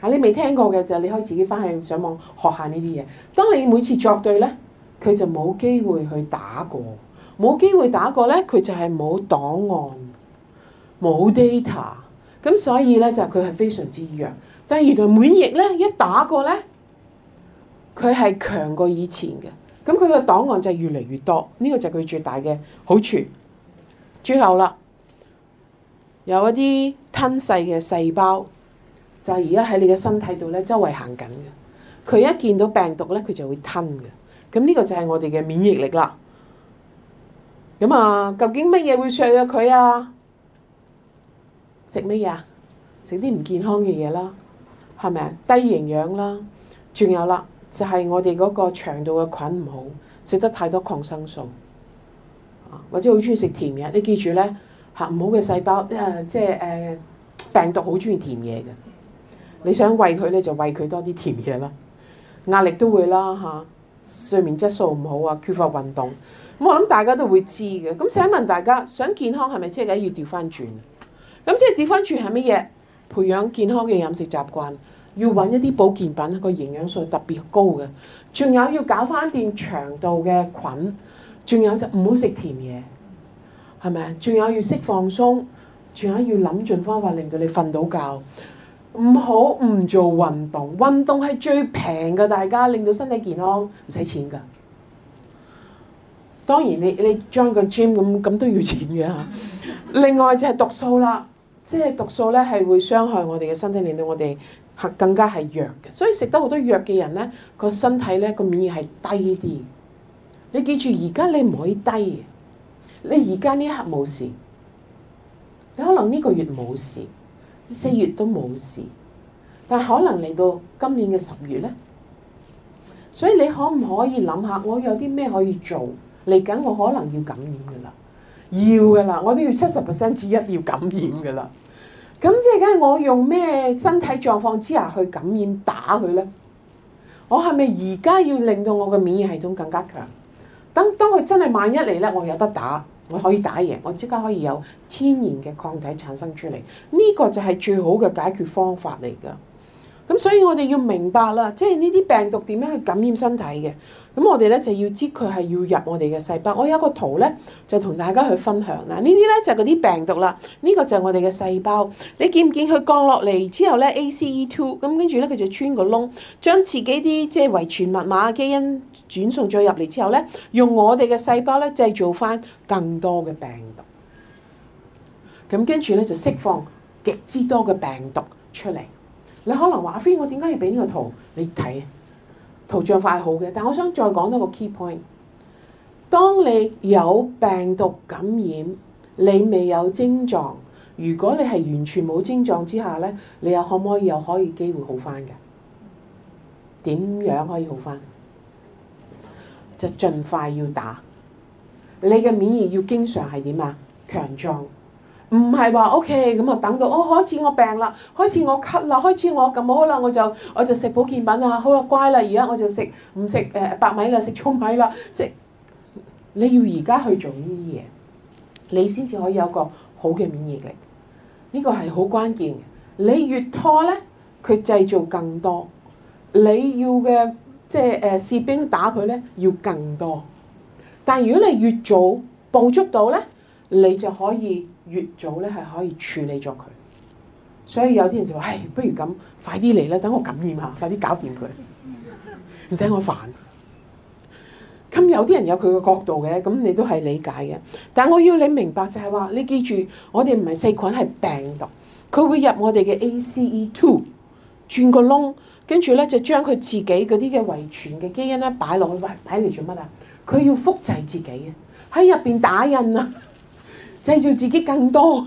嚇，你未聽過嘅就你可以自己翻去上網學下呢啲嘢。當你每次作對咧，佢就冇機會去打過。冇機會打過咧，佢就係冇檔案、冇 data，咁所以咧就佢、是、係非常之弱。但係原來免疫咧一打過咧，佢係強過以前嘅，咁佢嘅檔案就越嚟越多，呢、這個就係佢最大嘅好處。最後啦，有一啲吞噬嘅細胞就係而家喺你嘅身體度咧周圍行緊嘅，佢一見到病毒咧佢就會吞嘅，咁呢個就係我哋嘅免疫力啦。咁啊、嗯，究竟乜嘢會削弱佢啊？食乜嘢啊？食啲唔健康嘅嘢啦，係咪啊？低營養啦，仲有啦，就係、是、我哋嗰個腸道嘅菌唔好，食得太多抗生素，啊、或者好中意食甜嘢。你記住咧，嚇、啊、唔好嘅細胞，即係即係誒病毒好中意甜嘢嘅。你想餵佢咧，就餵佢多啲甜嘢啦。壓力都會啦，嚇、啊、睡眠質素唔好啊，缺乏運動。我諗大家都會知嘅，咁想問大家，想健康係咪即係梗要調翻轉？咁即係調翻轉係乜嘢？培養健康嘅飲食習慣，要揾一啲保健品個營養素特別高嘅，仲有要搞翻啲腸道嘅菌，仲有就唔好食甜嘢，係咪啊？仲有要識放鬆，仲有要諗盡方法令到你瞓到覺，唔好唔做運動，運動係最平嘅，大家令到身體健康唔使錢㗎。當然你，你你 join 個 gym 咁咁都要錢嘅吓。 另外就係毒素啦，即係毒素咧係會傷害我哋嘅身體，令到我哋係更加係弱嘅。所以食得好多藥嘅人咧，個身體咧個免疫力係低啲。你記住，而家你唔可以低。你而家呢刻冇事，你可能呢個月冇事，四月都冇事，但係可能嚟到今年嘅十月咧。所以你可唔可以諗下，我有啲咩可以做？嚟緊我可能要感染噶啦，要噶啦，我都要七十 percent 之一要感染噶啦。咁即係梗係我用咩身體狀況之下去感染打佢呢？我係咪而家要令到我嘅免疫系統更加強？等當佢真係萬一嚟咧，我有得打，我可以打贏，我即刻可以有天然嘅抗體產生出嚟。呢、這個就係最好嘅解決方法嚟噶。咁所以我哋要明白啦，即係呢啲病毒點樣去感染身體嘅。咁我哋咧就要知佢係要入我哋嘅細胞。我有一個圖咧，就同大家去分享啦。呢啲咧就係嗰啲病毒啦。呢個就係我哋嘅細胞。你見唔見佢降落嚟之後咧？ACE2 咁跟住咧，佢就穿個窿，將自己啲即係遺傳密碼基因轉送咗入嚟之後咧，用我哋嘅細胞咧製造翻更多嘅病毒。咁跟住咧就釋放極之多嘅病毒出嚟。你可能話：阿飛，我點解要畀呢個圖你睇？圖像化係好嘅，但我想再講多個 key point。當你有病毒感染，你未有症狀，如果你係完全冇症狀之下咧，你又可唔可以有可以機會好返嘅？點樣可以好返？就儘快要打。你嘅免疫要經常係點啊？強壯。唔係話 O K 咁啊，OK，等到我開始我病啦，開始我咳啦，開始我咁好啦，我就我就食保健品啦。好啊，乖啦，而家我就食唔食誒白米啦，食糙米啦。即係你要而家去做呢啲嘢，你先至可以有個好嘅免疫力。呢、這個係好關鍵嘅。你越拖咧，佢製造更多。你要嘅即係誒、呃、士兵打佢咧，要更多。但係如果你越早捕捉到咧，你就可以。越早咧係可以處理咗佢，所以有啲人就話：唉，不如咁，快啲嚟啦！等我感染下，快啲搞掂佢，唔使我煩。咁有啲人有佢嘅角度嘅，咁你都係理解嘅。但我要你明白就係話，你記住，我哋唔係細菌，係病毒，佢會入我哋嘅 ACE two 轉個窿，跟住咧就將佢自己嗰啲嘅遺傳嘅基因咧擺落去，擺嚟做乜啊？佢要複製自己啊，喺入邊打印啊！製造自己更多，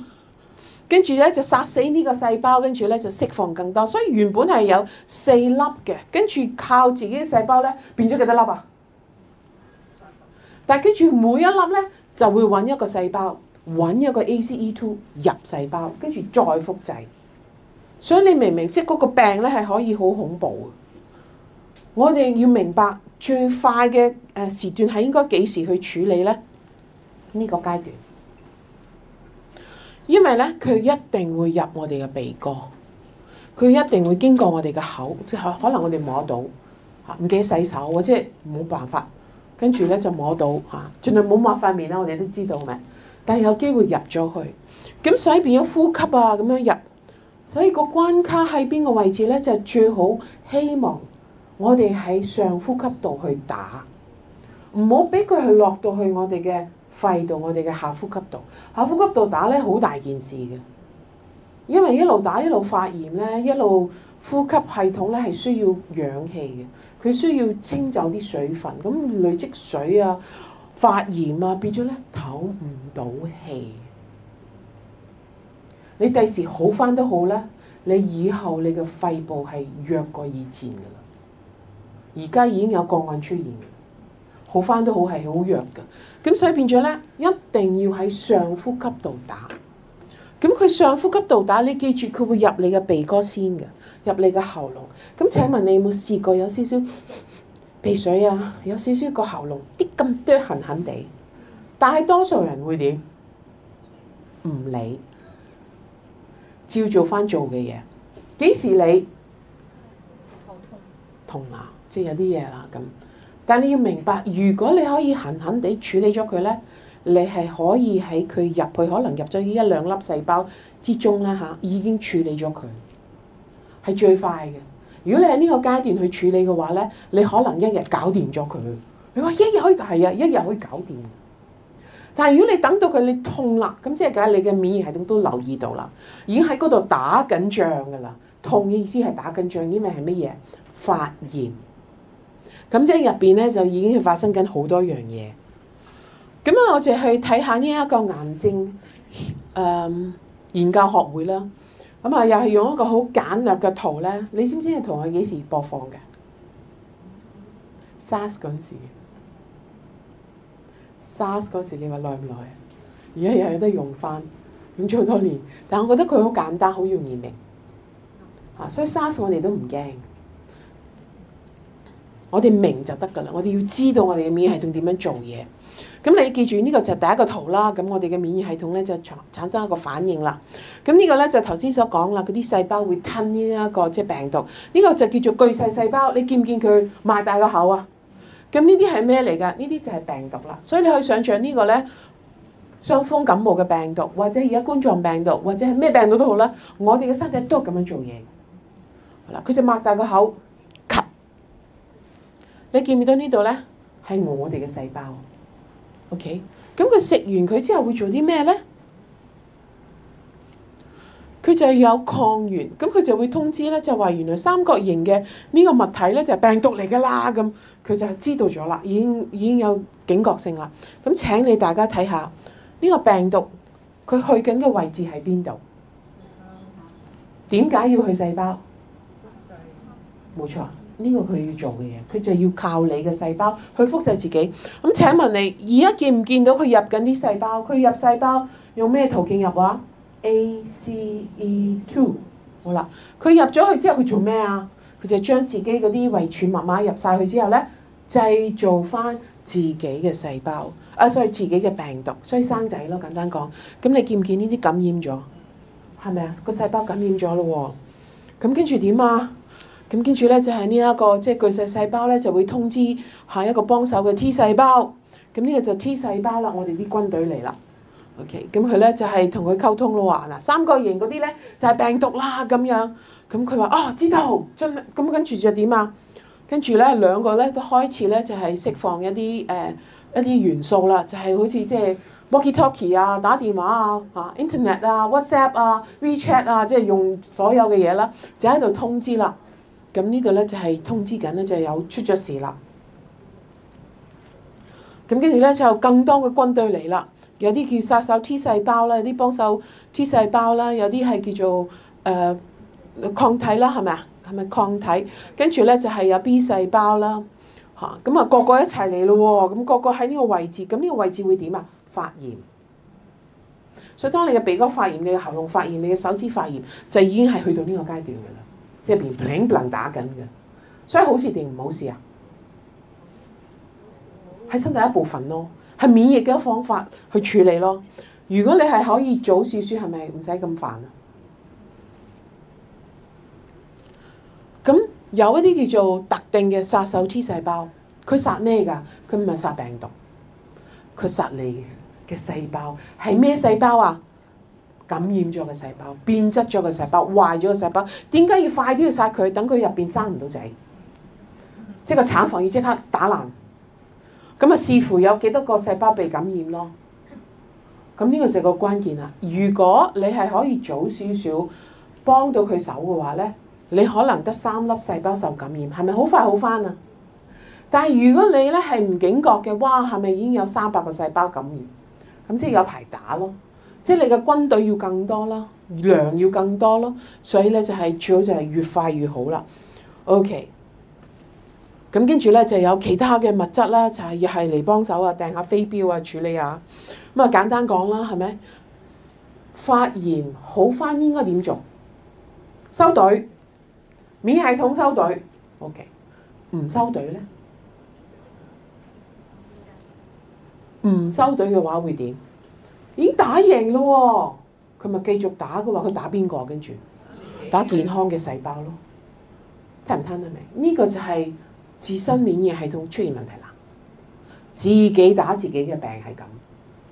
跟住咧就殺死呢個細胞，跟住咧就釋放更多。所以原本係有四粒嘅，跟住靠自己嘅細胞咧變咗幾多粒啊？但係跟住每一粒咧就會揾一個細胞，揾一個 ACE2 入細胞，跟住再複製。所以你明唔明，即係嗰個病咧係可以好恐怖。我哋要明白，最快嘅誒時段係應該幾時去處理咧？呢個階段。因為咧，佢一定會入我哋嘅鼻哥，佢一定會經過我哋嘅口，即係可能我哋摸到嚇，唔記得洗手，即係冇辦法，跟住咧就摸到嚇，儘、啊、量唔好抹塊面啦，我哋都知道咪？但係有機會入咗去，咁所以變咗呼吸啊，咁樣入，所以個關卡喺邊個位置咧？就最好希望我哋喺上呼吸道去打，唔好俾佢去落到去我哋嘅。肺到我哋嘅下呼吸道，下呼吸道打咧好大件事嘅，因為一路打一路發炎咧，一路呼吸系統咧係需要氧氣嘅，佢需要清走啲水分，咁累積水啊、發炎啊，變咗咧唞唔到氣，你第時好翻都好啦，你以後你嘅肺部係弱過以前嘅，而家已經有個案出現。好翻都好係好弱嘅，咁所以變咗咧，一定要喺上呼吸道打。咁佢上呼吸道打，你記住佢會入你嘅鼻哥先嘅，入你嘅喉嚨。咁請問你有冇試過有少少鼻水啊？有少少個喉嚨啲咁啄痕痕地，但係多數人會點？唔理，照做翻做嘅嘢。幾時你？頭痛。痛啦、啊，即係有啲嘢啦咁。但你要明白，如果你可以狠狠地處理咗佢咧，你係可以喺佢入去，可能入咗呢一兩粒細胞之中啦嚇，已經處理咗佢，係最快嘅。如果你喺呢個階段去處理嘅話咧，你可能一日搞掂咗佢。你話一日可以係啊，一日可以搞掂。但係如果你等到佢你痛啦，咁即係梗係你嘅免疫系統都留意到啦，已經喺嗰度打緊仗㗎啦。痛嘅意思係打緊仗，因為係乜嘢？發炎。咁即係入邊咧，就已經係發生緊好多樣嘢。咁啊，我就去睇下呢一個眼睛，誒、呃，研究學會啦。咁啊，又係用一個好簡略嘅圖咧。你知唔知個圖係幾時播放㗎？SARS 嗰時，SARS 嗰時，你話耐唔耐？而家又有得用翻，用咗好多年。但係我覺得佢好簡單，好容易明。吓，所以 SARS 我哋都唔驚。我哋明就得噶啦，我哋要知道我哋嘅免疫系統點樣做嘢。咁你記住呢個就係第一個圖啦。咁我哋嘅免疫系統咧就產生一個反應啦。咁呢個咧就頭先所講啦，嗰啲細胞會吞呢一個即係病毒。呢個就叫做巨細細胞。你見唔見佢擘大個口啊？咁呢啲係咩嚟噶？呢啲就係病毒啦。所以你可以想象呢個咧，傷風感冒嘅病毒，或者而家冠狀病毒，或者係咩病毒都好啦，我哋嘅身體都係咁樣做嘢。嗱，佢就擘大個口。你見唔見到呢度咧？係我哋嘅細胞。OK，咁佢食完佢之後會做啲咩咧？佢就有抗原，咁佢就會通知咧，就話原來三角形嘅呢個物體咧就係病毒嚟噶啦。咁佢就知道咗啦，已經已經有警覺性啦。咁請你大家睇下呢個病毒，佢去緊嘅位置喺邊度？點解要去細胞？冇錯。呢個佢要做嘅嘢，佢就要靠你嘅細胞去複製自己。咁請問你而家見唔見到佢入緊啲細胞？佢入細胞用咩途徑入啊？ACE2。好啦，佢入咗去之後佢做咩啊？佢就將自己嗰啲遺傳密碼入晒去之後咧，製造返自己嘅細胞啊，所以自己嘅病毒，所以生仔咯，簡單講。咁你見唔見呢啲感染咗？係咪啊？個細胞感染咗咯喎，咁跟住點啊？咁跟住咧就係呢一個即係、就是、巨細細胞咧就會通知下一個幫手嘅 T 細胞，咁呢個就 T 細胞啦，我哋啲軍隊嚟啦。OK，咁佢咧就係同佢溝通咯喎，嗱三角形嗰啲咧就係、是、病毒啦咁樣，咁佢話哦知道真，咁跟住就點啊？跟住咧兩個咧都開始咧就係、是、釋放一啲誒、呃、一啲元素啦，就係、是、好似即係 walkie talkie 啊、打電話啊、吓 internet 啊、WhatsApp 啊、WeChat 啊，即、就、係、是、用所有嘅嘢啦，就喺度通知啦。咁呢度咧就係通知緊咧，就是、有出咗事啦。咁跟住咧就更多嘅軍隊嚟啦，有啲叫殺手 T 細胞啦，有啲幫手 T 細胞啦，有啲係叫做誒抗體啦，係咪啊？係咪抗體？跟住咧就係、是、有 B 細胞啦，嚇咁啊，個個一齊嚟咯喎！咁個個喺呢個位置，咁、這、呢個位置會點啊？發炎。所以當你嘅鼻哥發炎，你嘅喉嚨發炎，你嘅手指發炎，就已經係去到呢個階段嘅啦。即係砰砰砰打緊嘅，所以好事定唔好事啊？喺身體一部分咯，係免疫嘅一方法去處理咯。如果你係可以早少少，係咪唔使咁煩啊？咁有一啲叫做特定嘅殺手 T 細胞，佢殺咩㗎？佢唔係殺病毒，佢殺你嘅細胞，係咩細胞啊？感染咗嘅細胞，變質咗嘅細胞，壞咗嘅細胞，點解要快啲要殺佢？等佢入邊生唔到仔，即係個產房要即刻打爛。咁啊，視乎有幾多個細胞被感染咯。咁呢個就係個關鍵啦。如果你係可以早少少幫到佢手嘅話咧，你可能得三粒細胞受感染，係咪好快好返啊？但係如果你咧係唔警覺嘅話，哇，係咪已經有三百個細胞感染？咁即係有排打咯。即係你嘅軍隊要更多啦，糧要更多咯，所以咧就係最好就係越快越好啦。OK，咁跟住咧就有其他嘅物質啦，就係要係嚟幫手啊，掟下飛鏢啊，處理下。咁啊簡單講啦，係咪發炎好翻應該點做？收隊，免疫系統收隊。OK，唔收隊咧，唔收隊嘅話會點？已經打贏咯，佢咪繼續打嘅話，佢打邊個？跟住打健康嘅細胞咯，聽唔聽得明？呢、這個就係自身免疫系統出現問題啦，自己打自己嘅病係咁。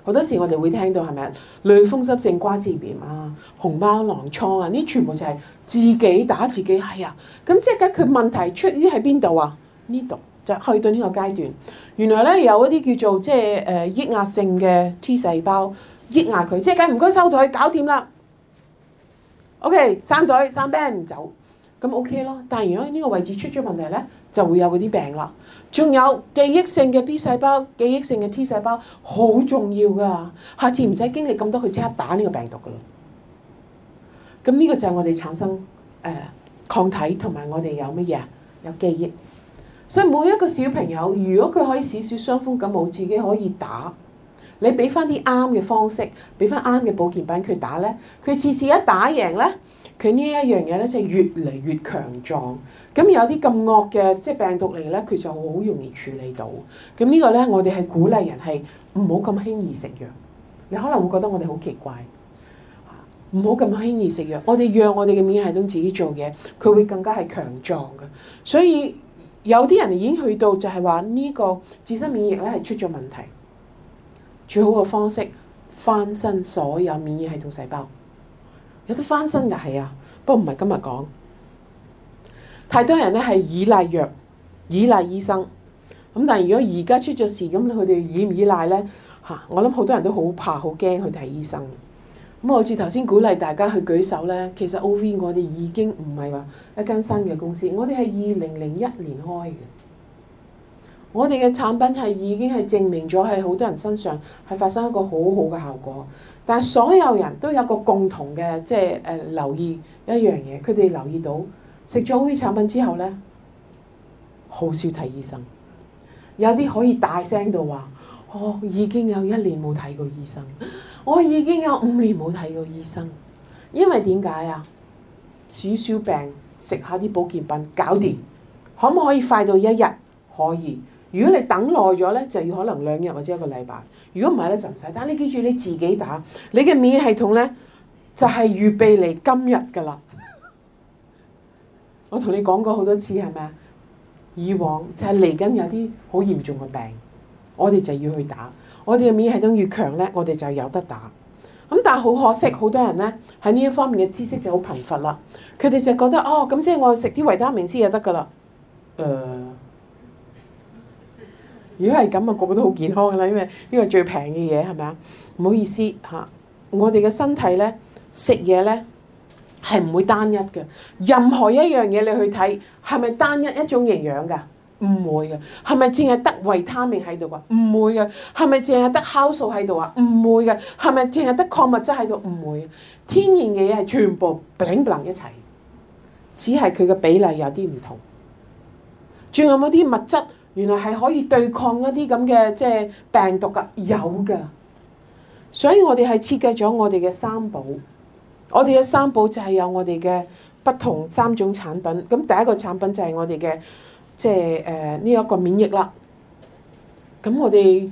好多時我哋會聽到係咪啊？類風濕性關節炎啊、紅斑狼瘡啊，呢全部就係自己打自己係啊。咁、哎、即係佢問題出於喺邊度啊？呢度就去到呢個階段。原來咧有一啲叫做即係誒、呃、抑壓性嘅 T 細胞。捏牙佢，即係唔該收隊，搞掂啦。OK，三隊，三班走，咁 OK 咯。但係如果呢個位置出咗問題咧，就會有嗰啲病啦。仲有記憶性嘅 B 細胞、記憶性嘅 T 細胞，好重要噶。下次唔使經歷咁多，佢即刻打呢個病毒噶啦。咁呢個就係我哋產生誒、呃、抗體，同埋我哋有乜嘢？有記憶。所以每一個小朋友，如果佢可以少少傷風感冒，自己可以打。你俾翻啲啱嘅方式，俾翻啱嘅保健品佢打咧，佢次次一打贏咧，佢呢一樣嘢咧就係越嚟越強壯。咁有啲咁惡嘅即係病毒嚟咧，佢就好容易處理到。咁呢個咧，我哋係鼓勵人係唔好咁輕易食藥。你可能會覺得我哋好奇怪，唔好咁輕易食藥。我哋讓我哋嘅免疫系統自己做嘢，佢會更加係強壯嘅。所以有啲人已經去到就係話呢個自身免疫咧係出咗問題。最好嘅方式翻身所有免疫系統細胞，有得翻身嘅係啊，不過唔係今日講。太多人咧係依賴藥、依賴醫生，咁但係如果而家出咗事，咁佢哋依唔依賴咧？吓，我諗好多人都好怕、好驚去睇醫生。咁好似頭先鼓勵大家去舉手咧，其實 OV 我哋已經唔係話一間新嘅公司，我哋係二零零一年開嘅。我哋嘅產品係已經係證明咗喺好多人身上係發生一個好好嘅效果，但所有人都有個共同嘅，即係誒留意一樣嘢，佢哋留意到食咗好啲產品之後咧，好少睇醫生，有啲可以大聲到話：我、哦、已經有一年冇睇過醫生，我已經有五年冇睇過醫生，因為點解啊？少少病食下啲保健品搞掂，可唔可以快到一日？可以。如果你等耐咗咧，就要可能兩日或者一個禮拜。如果唔係咧就唔使打。但你記住你自己打，你嘅免疫系統咧就係、係、預備嚟今日㗎啦。 我同你講過好多次係咪啊？以往就係嚟緊有啲好嚴重嘅病，我哋就要去打。我哋嘅免疫系統越強咧，我哋就有得打。咁但係好可惜，好多人咧喺呢一方面嘅知識就好貧乏啦。佢哋就覺得哦，咁即係我食啲維他命 C 就得㗎啦。誒、呃。如果係咁啊，個個都好健康噶啦，因為呢個最平嘅嘢係咪啊？唔好意思吓，我哋嘅身體咧食嘢咧係唔會單一嘅，任何一樣嘢你去睇係咪單一一種營養噶？唔會嘅，係咪淨係得維他命喺度啊？唔會嘅，係咪淨係得酵素喺度啊？唔會嘅，係咪淨係得礦物質喺度？唔會，天然嘅嘢係全部 bling bling 一齊，只係佢嘅比例有啲唔同，仲有冇啲物質？原來係可以對抗一啲咁嘅即係病毒噶，有㗎。所以我哋係設計咗我哋嘅三寶，我哋嘅三寶就係有我哋嘅不同三種產品。咁第一個產品就係我哋嘅即係誒呢一個免疫啦。咁我哋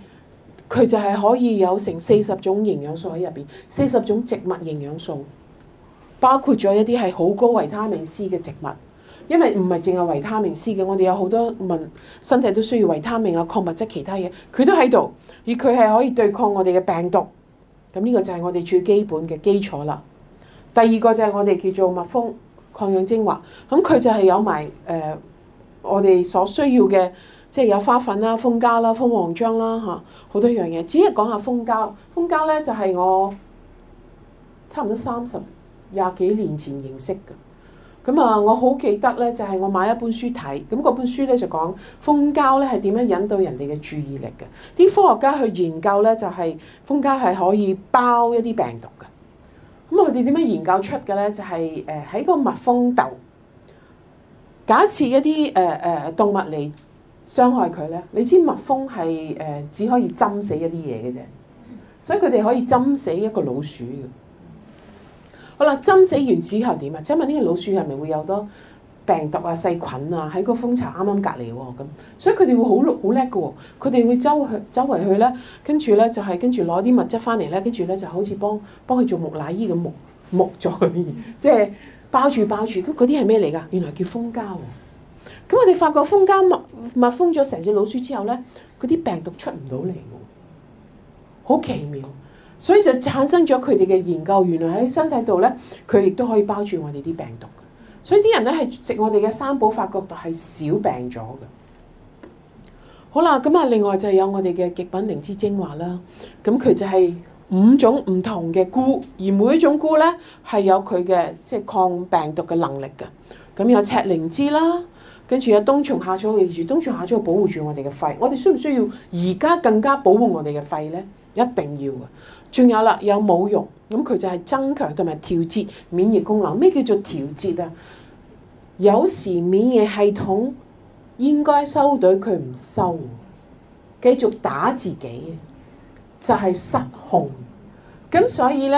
佢就係可以有成四十種營養素喺入邊，四十種植物營養素，包括咗一啲係好高維他命 C 嘅植物。因為唔係淨係維他命 C 嘅，我哋有好多問身體都需要維他命啊、礦物質、其他嘢，佢都喺度，而佢係可以對抗我哋嘅病毒。咁呢個就係我哋最基本嘅基礎啦。第二個就係我哋叫做蜜蜂抗氧精華，咁佢就係有埋誒、呃、我哋所需要嘅，即係有花粉啦、蜂膠啦、蜂王漿啦嚇，好多樣嘢。只係講下蜂膠，蜂膠咧就係、是、我差唔多三十廿幾年前認識嘅。咁啊，我好記得咧，就係我買一本書睇，咁嗰本書咧就講蜂膠咧係點樣引導人哋嘅注意力嘅。啲科學家去研究咧就係蜂膠係可以包一啲病毒嘅。咁我哋點樣研究出嘅咧就係誒喺個蜜蜂竇，假設一啲誒誒動物嚟傷害佢咧，你知蜜蜂係誒、呃、只可以針死一啲嘢嘅啫，所以佢哋可以針死一個老鼠嘅。好啦，針死完之後點啊？請問呢個老鼠係咪會有多病毒啊、細菌啊？喺個蜂巢啱啱隔離喎，咁所以佢哋會好好叻㗎喎，佢哋會周去周圍去咧，跟住咧就係、是、跟住攞啲物質翻嚟咧，跟住咧就好似幫幫佢做木乃伊咁木木咗佢，即係包住包住。咁嗰啲係咩嚟㗎？原來叫蜂膠喎。咁我哋發覺蜂膠密密封咗成隻老鼠之後咧，嗰啲病毒出唔到嚟喎，好奇妙。所以就產生咗佢哋嘅研究，原來喺身體度咧，佢亦都可以包住我哋啲病毒嘅。所以啲人咧係食我哋嘅三寶，發覺係少病咗嘅。好啦，咁啊，另外就係有我哋嘅極品靈芝精華啦。咁佢就係五種唔同嘅菇，而每一種菇咧係有佢嘅即係抗病毒嘅能力嘅。咁有赤靈芝啦。跟住有冬蟲夏草嘅住，冬蟲夏草保護住我哋嘅肺，我哋需唔需要而家更加保護我哋嘅肺呢？一定要嘅。仲有啦，有冇用？咁佢就係增強同埋調節免疫功能。咩叫做調節啊？有時免疫系統應該收隊，佢唔收，繼續打自己，就係失控。咁所以呢，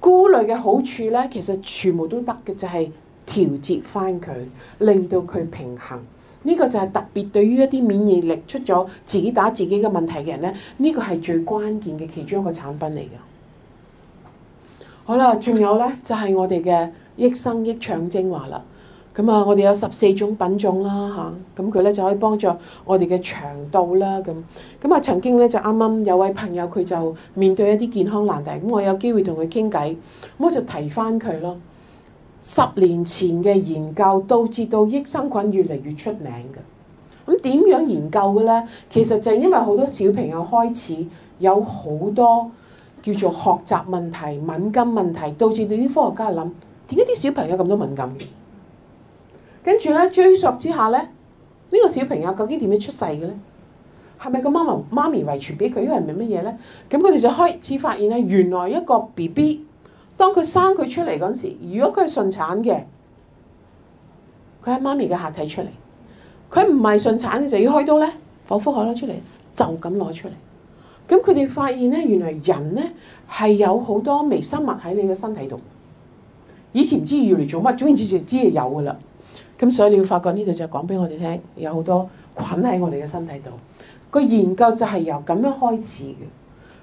菇類嘅好處呢，其實全部都得嘅，就係。調節翻佢，令到佢平衡。呢、這個就係特別對於一啲免疫力出咗自己打自己嘅問題嘅人咧，呢、這個係最關鍵嘅其中一個產品嚟嘅。好啦，仲有咧就係、是、我哋嘅益生益腸精華啦。咁、嗯、啊，我哋有十四種品種啦，吓、啊，咁佢咧就可以幫助我哋嘅腸道啦。咁、啊、咁啊，曾經咧就啱啱有位朋友佢就面對一啲健康難題，咁我有機會同佢傾偈，咁我就提翻佢咯。十年前嘅研究導致到益生菌越嚟越出名嘅。咁點樣研究嘅咧？其實就係因為好多小朋友開始有好多叫做學習問題、敏感問題，導致到啲科學家諗點解啲小朋友咁多敏感？跟住咧追溯之下咧，呢、這個小朋友究竟點樣出世嘅咧？係咪個媽媽媽咪遺傳俾佢？因為係咪乜嘢咧？咁佢哋就開始發現咧，原來一個 B B。當佢生佢出嚟嗰時，如果佢係順產嘅，佢係媽咪嘅下體出嚟；佢唔係順產，就要開刀咧，剖腹產攞出嚟，就咁攞出嚟。咁佢哋發現咧，原來人咧係有好多微生物喺你嘅身體度。以前唔知要嚟做乜，總然之就知係有噶啦。咁所以你要發覺呢度就講俾我哋聽，有好多菌喺我哋嘅身體度。個研究就係由咁樣開始嘅。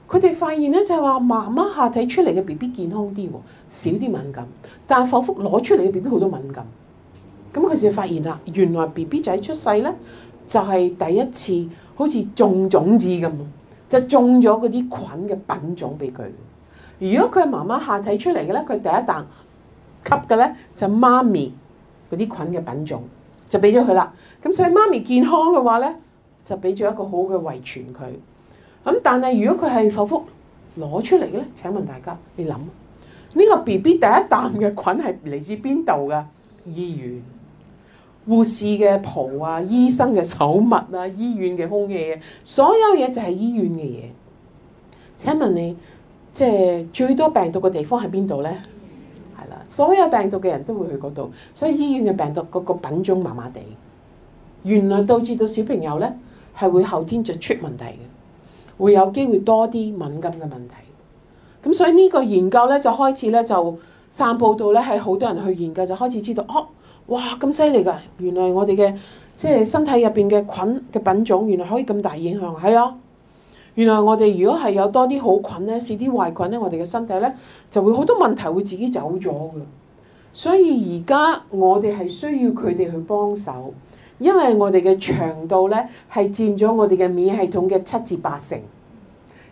佢哋發現咧就係話媽媽下體出嚟嘅 B B 健康啲，少啲敏感，但係剖腹攞出嚟嘅 B B 好多敏感。咁佢就發現啦，原來 B B 仔出世咧就係、是、第一次好似種種子咁，就種咗嗰啲菌嘅品種俾佢。如果佢係媽媽下體出嚟嘅咧，佢第一啖吸嘅咧就媽咪嗰啲菌嘅品種就俾咗佢啦。咁所以媽咪健康嘅話咧，就俾咗一個好嘅遺傳佢。咁但係如果佢係剖腹攞出嚟嘅咧？請問大家，你諗呢、這個 B B 第一啖嘅菌係嚟自邊度嘅？醫院、護士嘅袍啊、醫生嘅手襪啊、醫院嘅空氣啊、啊，所有嘢就係醫院嘅嘢。請問你，即、就、係、是、最多病毒嘅地方係邊度咧？係啦，所有病毒嘅人都會去嗰度，所以醫院嘅病毒個個品種麻麻地，原來導致到小朋友咧係會後天就出問題嘅。會有機會多啲敏感嘅問題，咁所以呢個研究咧就開始咧就散佈到咧係好多人去研究，就開始知道哦，哇咁犀利㗎！原來我哋嘅即係身體入邊嘅菌嘅品種，原來可以咁大影響，係啊！原來我哋如果係有多啲好菌咧，少啲壞菌咧，我哋嘅身體咧就會好多問題會自己走咗㗎。所以而家我哋係需要佢哋去幫手。因為我哋嘅腸道咧，係佔咗我哋嘅免疫系統嘅七至八成。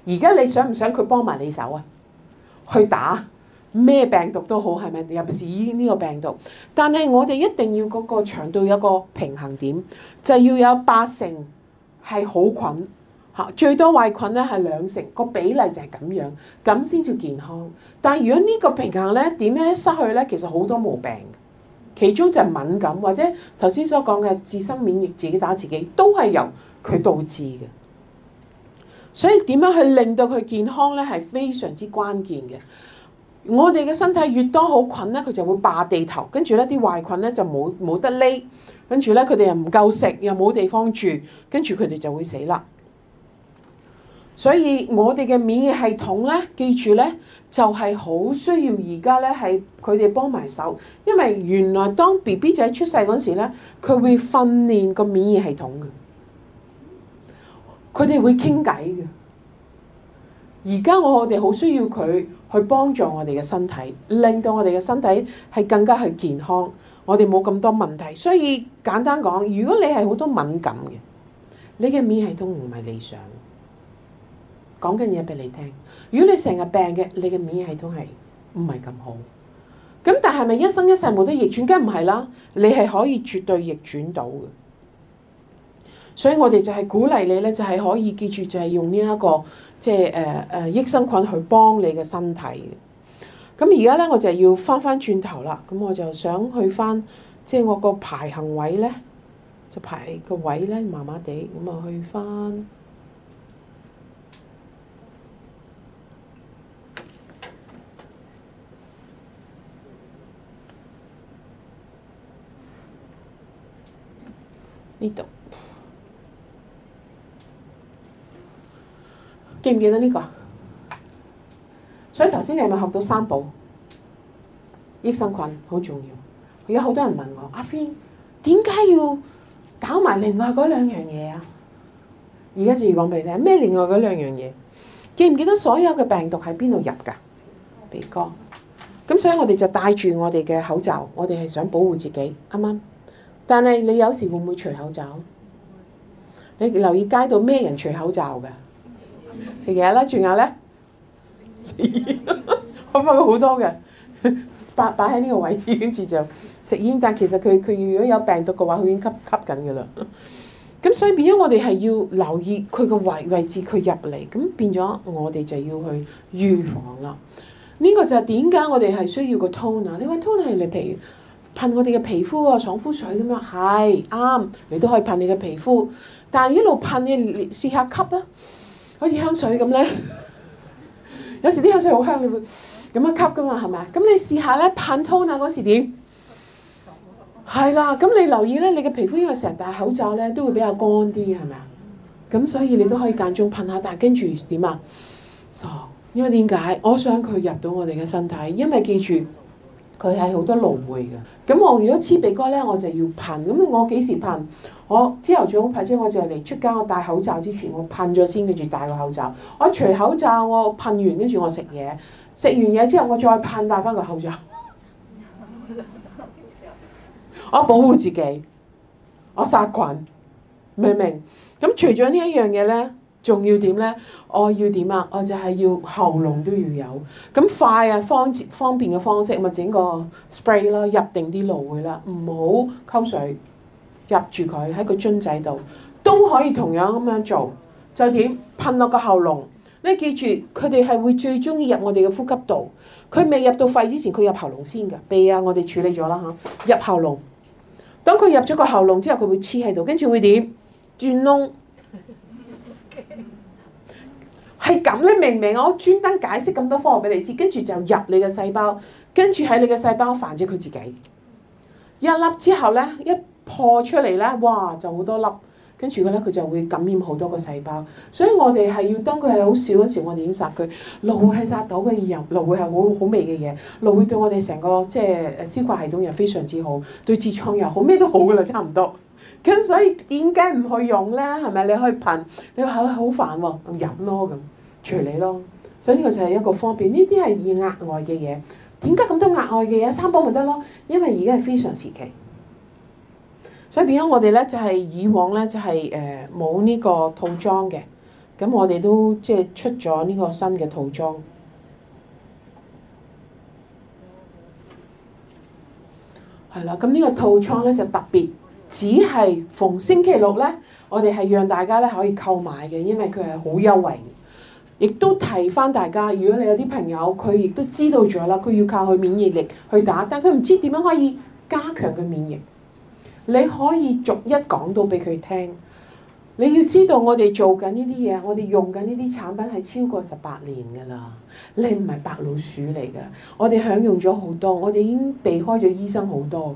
而家你想唔想佢幫埋你手啊？去打咩病毒都好，係咪？尤其是呢個病毒。但係我哋一定要嗰個腸道有個平衡點，就要有八成係好菌嚇，最多壞菌咧係兩成，個比例就係咁樣，咁先至健康。但係如果呢個平衡咧點樣失去咧，其實好多毛病。其中就係敏感，或者頭先所講嘅自身免疫、自己打自己，都係由佢導致嘅。所以點樣去令到佢健康咧，係非常之關鍵嘅。我哋嘅身體越多好菌咧，佢就會霸地頭，跟住咧啲壞菌咧就冇冇得匿，跟住咧佢哋又唔夠食，又冇地方住，跟住佢哋就會死啦。所以我哋嘅免疫系統咧，記住咧，就係好需要而家咧係佢哋幫埋手，因為原來當 B B 仔出世嗰陣時咧，佢會訓練個免疫系統嘅，佢哋會傾偈嘅。而家我哋好需要佢去幫助我哋嘅身體，令到我哋嘅身體係更加去健康，我哋冇咁多問題，所以簡單講，如果你係好多敏感嘅，你嘅免疫系統唔係理想。講緊嘢俾你聽。如果你成日病嘅，你嘅免疫系統係唔係咁好？咁但係咪一生一世冇得逆轉？梗唔係啦，你係可以絕對逆轉到嘅。所以我哋就係鼓勵你咧，就係可以記住，就係用呢一個即係誒誒益生菌去幫你嘅身體嘅。咁而家咧，我就要翻翻轉頭啦。咁我就想去翻，即係我個排行位咧，就排個位咧，麻麻地咁啊去翻。呢度記唔記得呢個？所以頭先你係咪學到三寶？益生菌好重要。而家好多人問我：阿飛點解要搞埋另外嗰兩樣嘢啊？而家就要講俾你聽，咩另外嗰兩樣嘢？記唔記得所有嘅病毒喺邊度入㗎？鼻哥。咁所以，我哋就戴住我哋嘅口罩，我哋係想保護自己。啱唔啱？但係你有時會唔會除口罩？你留意街道咩人除口罩㗎？食嘢啦，仲有咧，食吃煙， 我發覺好多嘅，擺擺喺呢個位置，跟住就食煙。但其實佢佢如果有病毒嘅話，佢已經吸吸緊㗎啦。咁 所以變咗，我哋係要留意佢個位位置，佢入嚟。咁變咗，我哋就要去預防啦。呢個就係點解我哋係需要個 toner 呢個 toner 係嚟譬如？噴我哋嘅皮膚啊，爽膚水咁樣，係啱，你都可以噴你嘅皮膚。但係一路噴你試下吸啊，好似香水咁咧。 有時啲香水好香，你會咁樣吸噶嘛，係咪？咁你試下咧，噴 toner 嗰時點？係啦，咁你留意咧，你嘅皮膚因為成日戴口罩咧，都會比較乾啲，係咪啊？咁所以你都可以間中噴下，但係跟住點啊？錯，因為點解？我想佢入到我哋嘅身體，因為記住。佢係好多蘆薈嘅，咁我如果黐鼻哥咧，我就要噴。咁我幾時噴？我朝頭早好派張我就嚟出街，我戴口罩之前我噴咗先，跟住戴個口罩。我除口罩我噴完跟住我食嘢，食完嘢之後我再噴戴翻個口罩。我保護自己，我殺菌，明唔明？咁除咗呢一樣嘢咧。仲要點咧？我要點啊？我就係要喉嚨都要有。咁快啊，方方便嘅方式咪整個 spray 咯，入定啲蘆薈啦，唔好溝水，入住佢喺個樽仔度都可以同樣咁樣做。就點噴落個喉嚨。你記住，佢哋係會最中意入我哋嘅呼吸道。佢未入到肺之前，佢入喉嚨先㗎。鼻啊，我哋處理咗啦嚇。入喉嚨，等佢入咗個喉嚨之後，佢會黐喺度，跟住會點？轉窿。係咁，你明唔明？我專登解釋咁多科學俾你知，跟住就入你嘅細胞，跟住喺你嘅細胞繁殖佢自己。一粒之後咧，一破出嚟咧，哇，就好多粒，跟住嘅咧佢就會感染好多個細胞。所以我哋係要當佢係好少嗰時，我哋已經殺佢。蘆薈係殺到嘅，又蘆薈係好好味嘅嘢，蘆薈對我哋成個即係誒消化系統又非常之好，對痔瘡又好，咩都好噶啦，差唔多。咁所以點解唔去用咧？係咪你可以噴？你話好煩喎，哦，飲咯咁。處理咯，所以呢個就係一個方便。呢啲係要額外嘅嘢，點解咁多額外嘅嘢？三寶咪得咯，因為而家係非常時期，所以變咗我哋咧就係、是、以往咧就係誒冇呢個套裝嘅，咁我哋都即係、就是、出咗呢個新嘅套裝，係啦。咁呢個套裝咧就是、特別，只係逢星期六咧，我哋係讓大家咧可以購買嘅，因為佢係好優惠。亦都提翻大家，如果你有啲朋友，佢亦都知道咗啦，佢要靠佢免疫力去打，但佢唔知點樣可以加強佢免疫。你可以逐一講到俾佢聽。你要知道我，我哋做緊呢啲嘢，我哋用緊呢啲產品係超過十八年嘅啦。你唔係白老鼠嚟嘅，我哋享用咗好多，我哋已經避開咗醫生好多。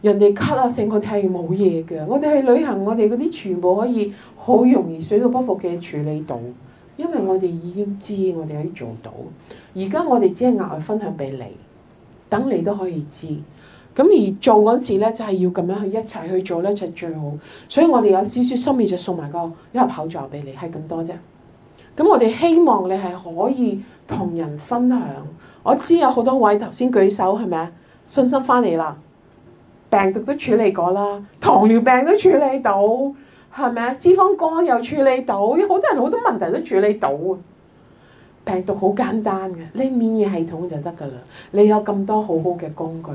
人哋咳啊，成個體冇嘢嘅，我哋去旅行，我哋嗰啲全部可以好容易水土不服嘅處理到。因為我哋已經知，我哋可以做到。而家我哋只係額外分享俾你，等你都可以知。咁而做嗰陣時咧，就係、是、要咁樣去一齊去做咧，就是、最好。所以我哋有少少心意，就送埋個一盒口罩俾你，係咁多啫。咁我哋希望你係可以同人分享。我知有好多位頭先舉手係咪啊？信心翻嚟啦，病毒都處理過啦，糖尿病都處理到。係咪啊？脂肪肝又處理到，好多人好多問題都處理到啊！病毒好簡單嘅，你免疫系統就得㗎啦，你有咁多好好嘅工具。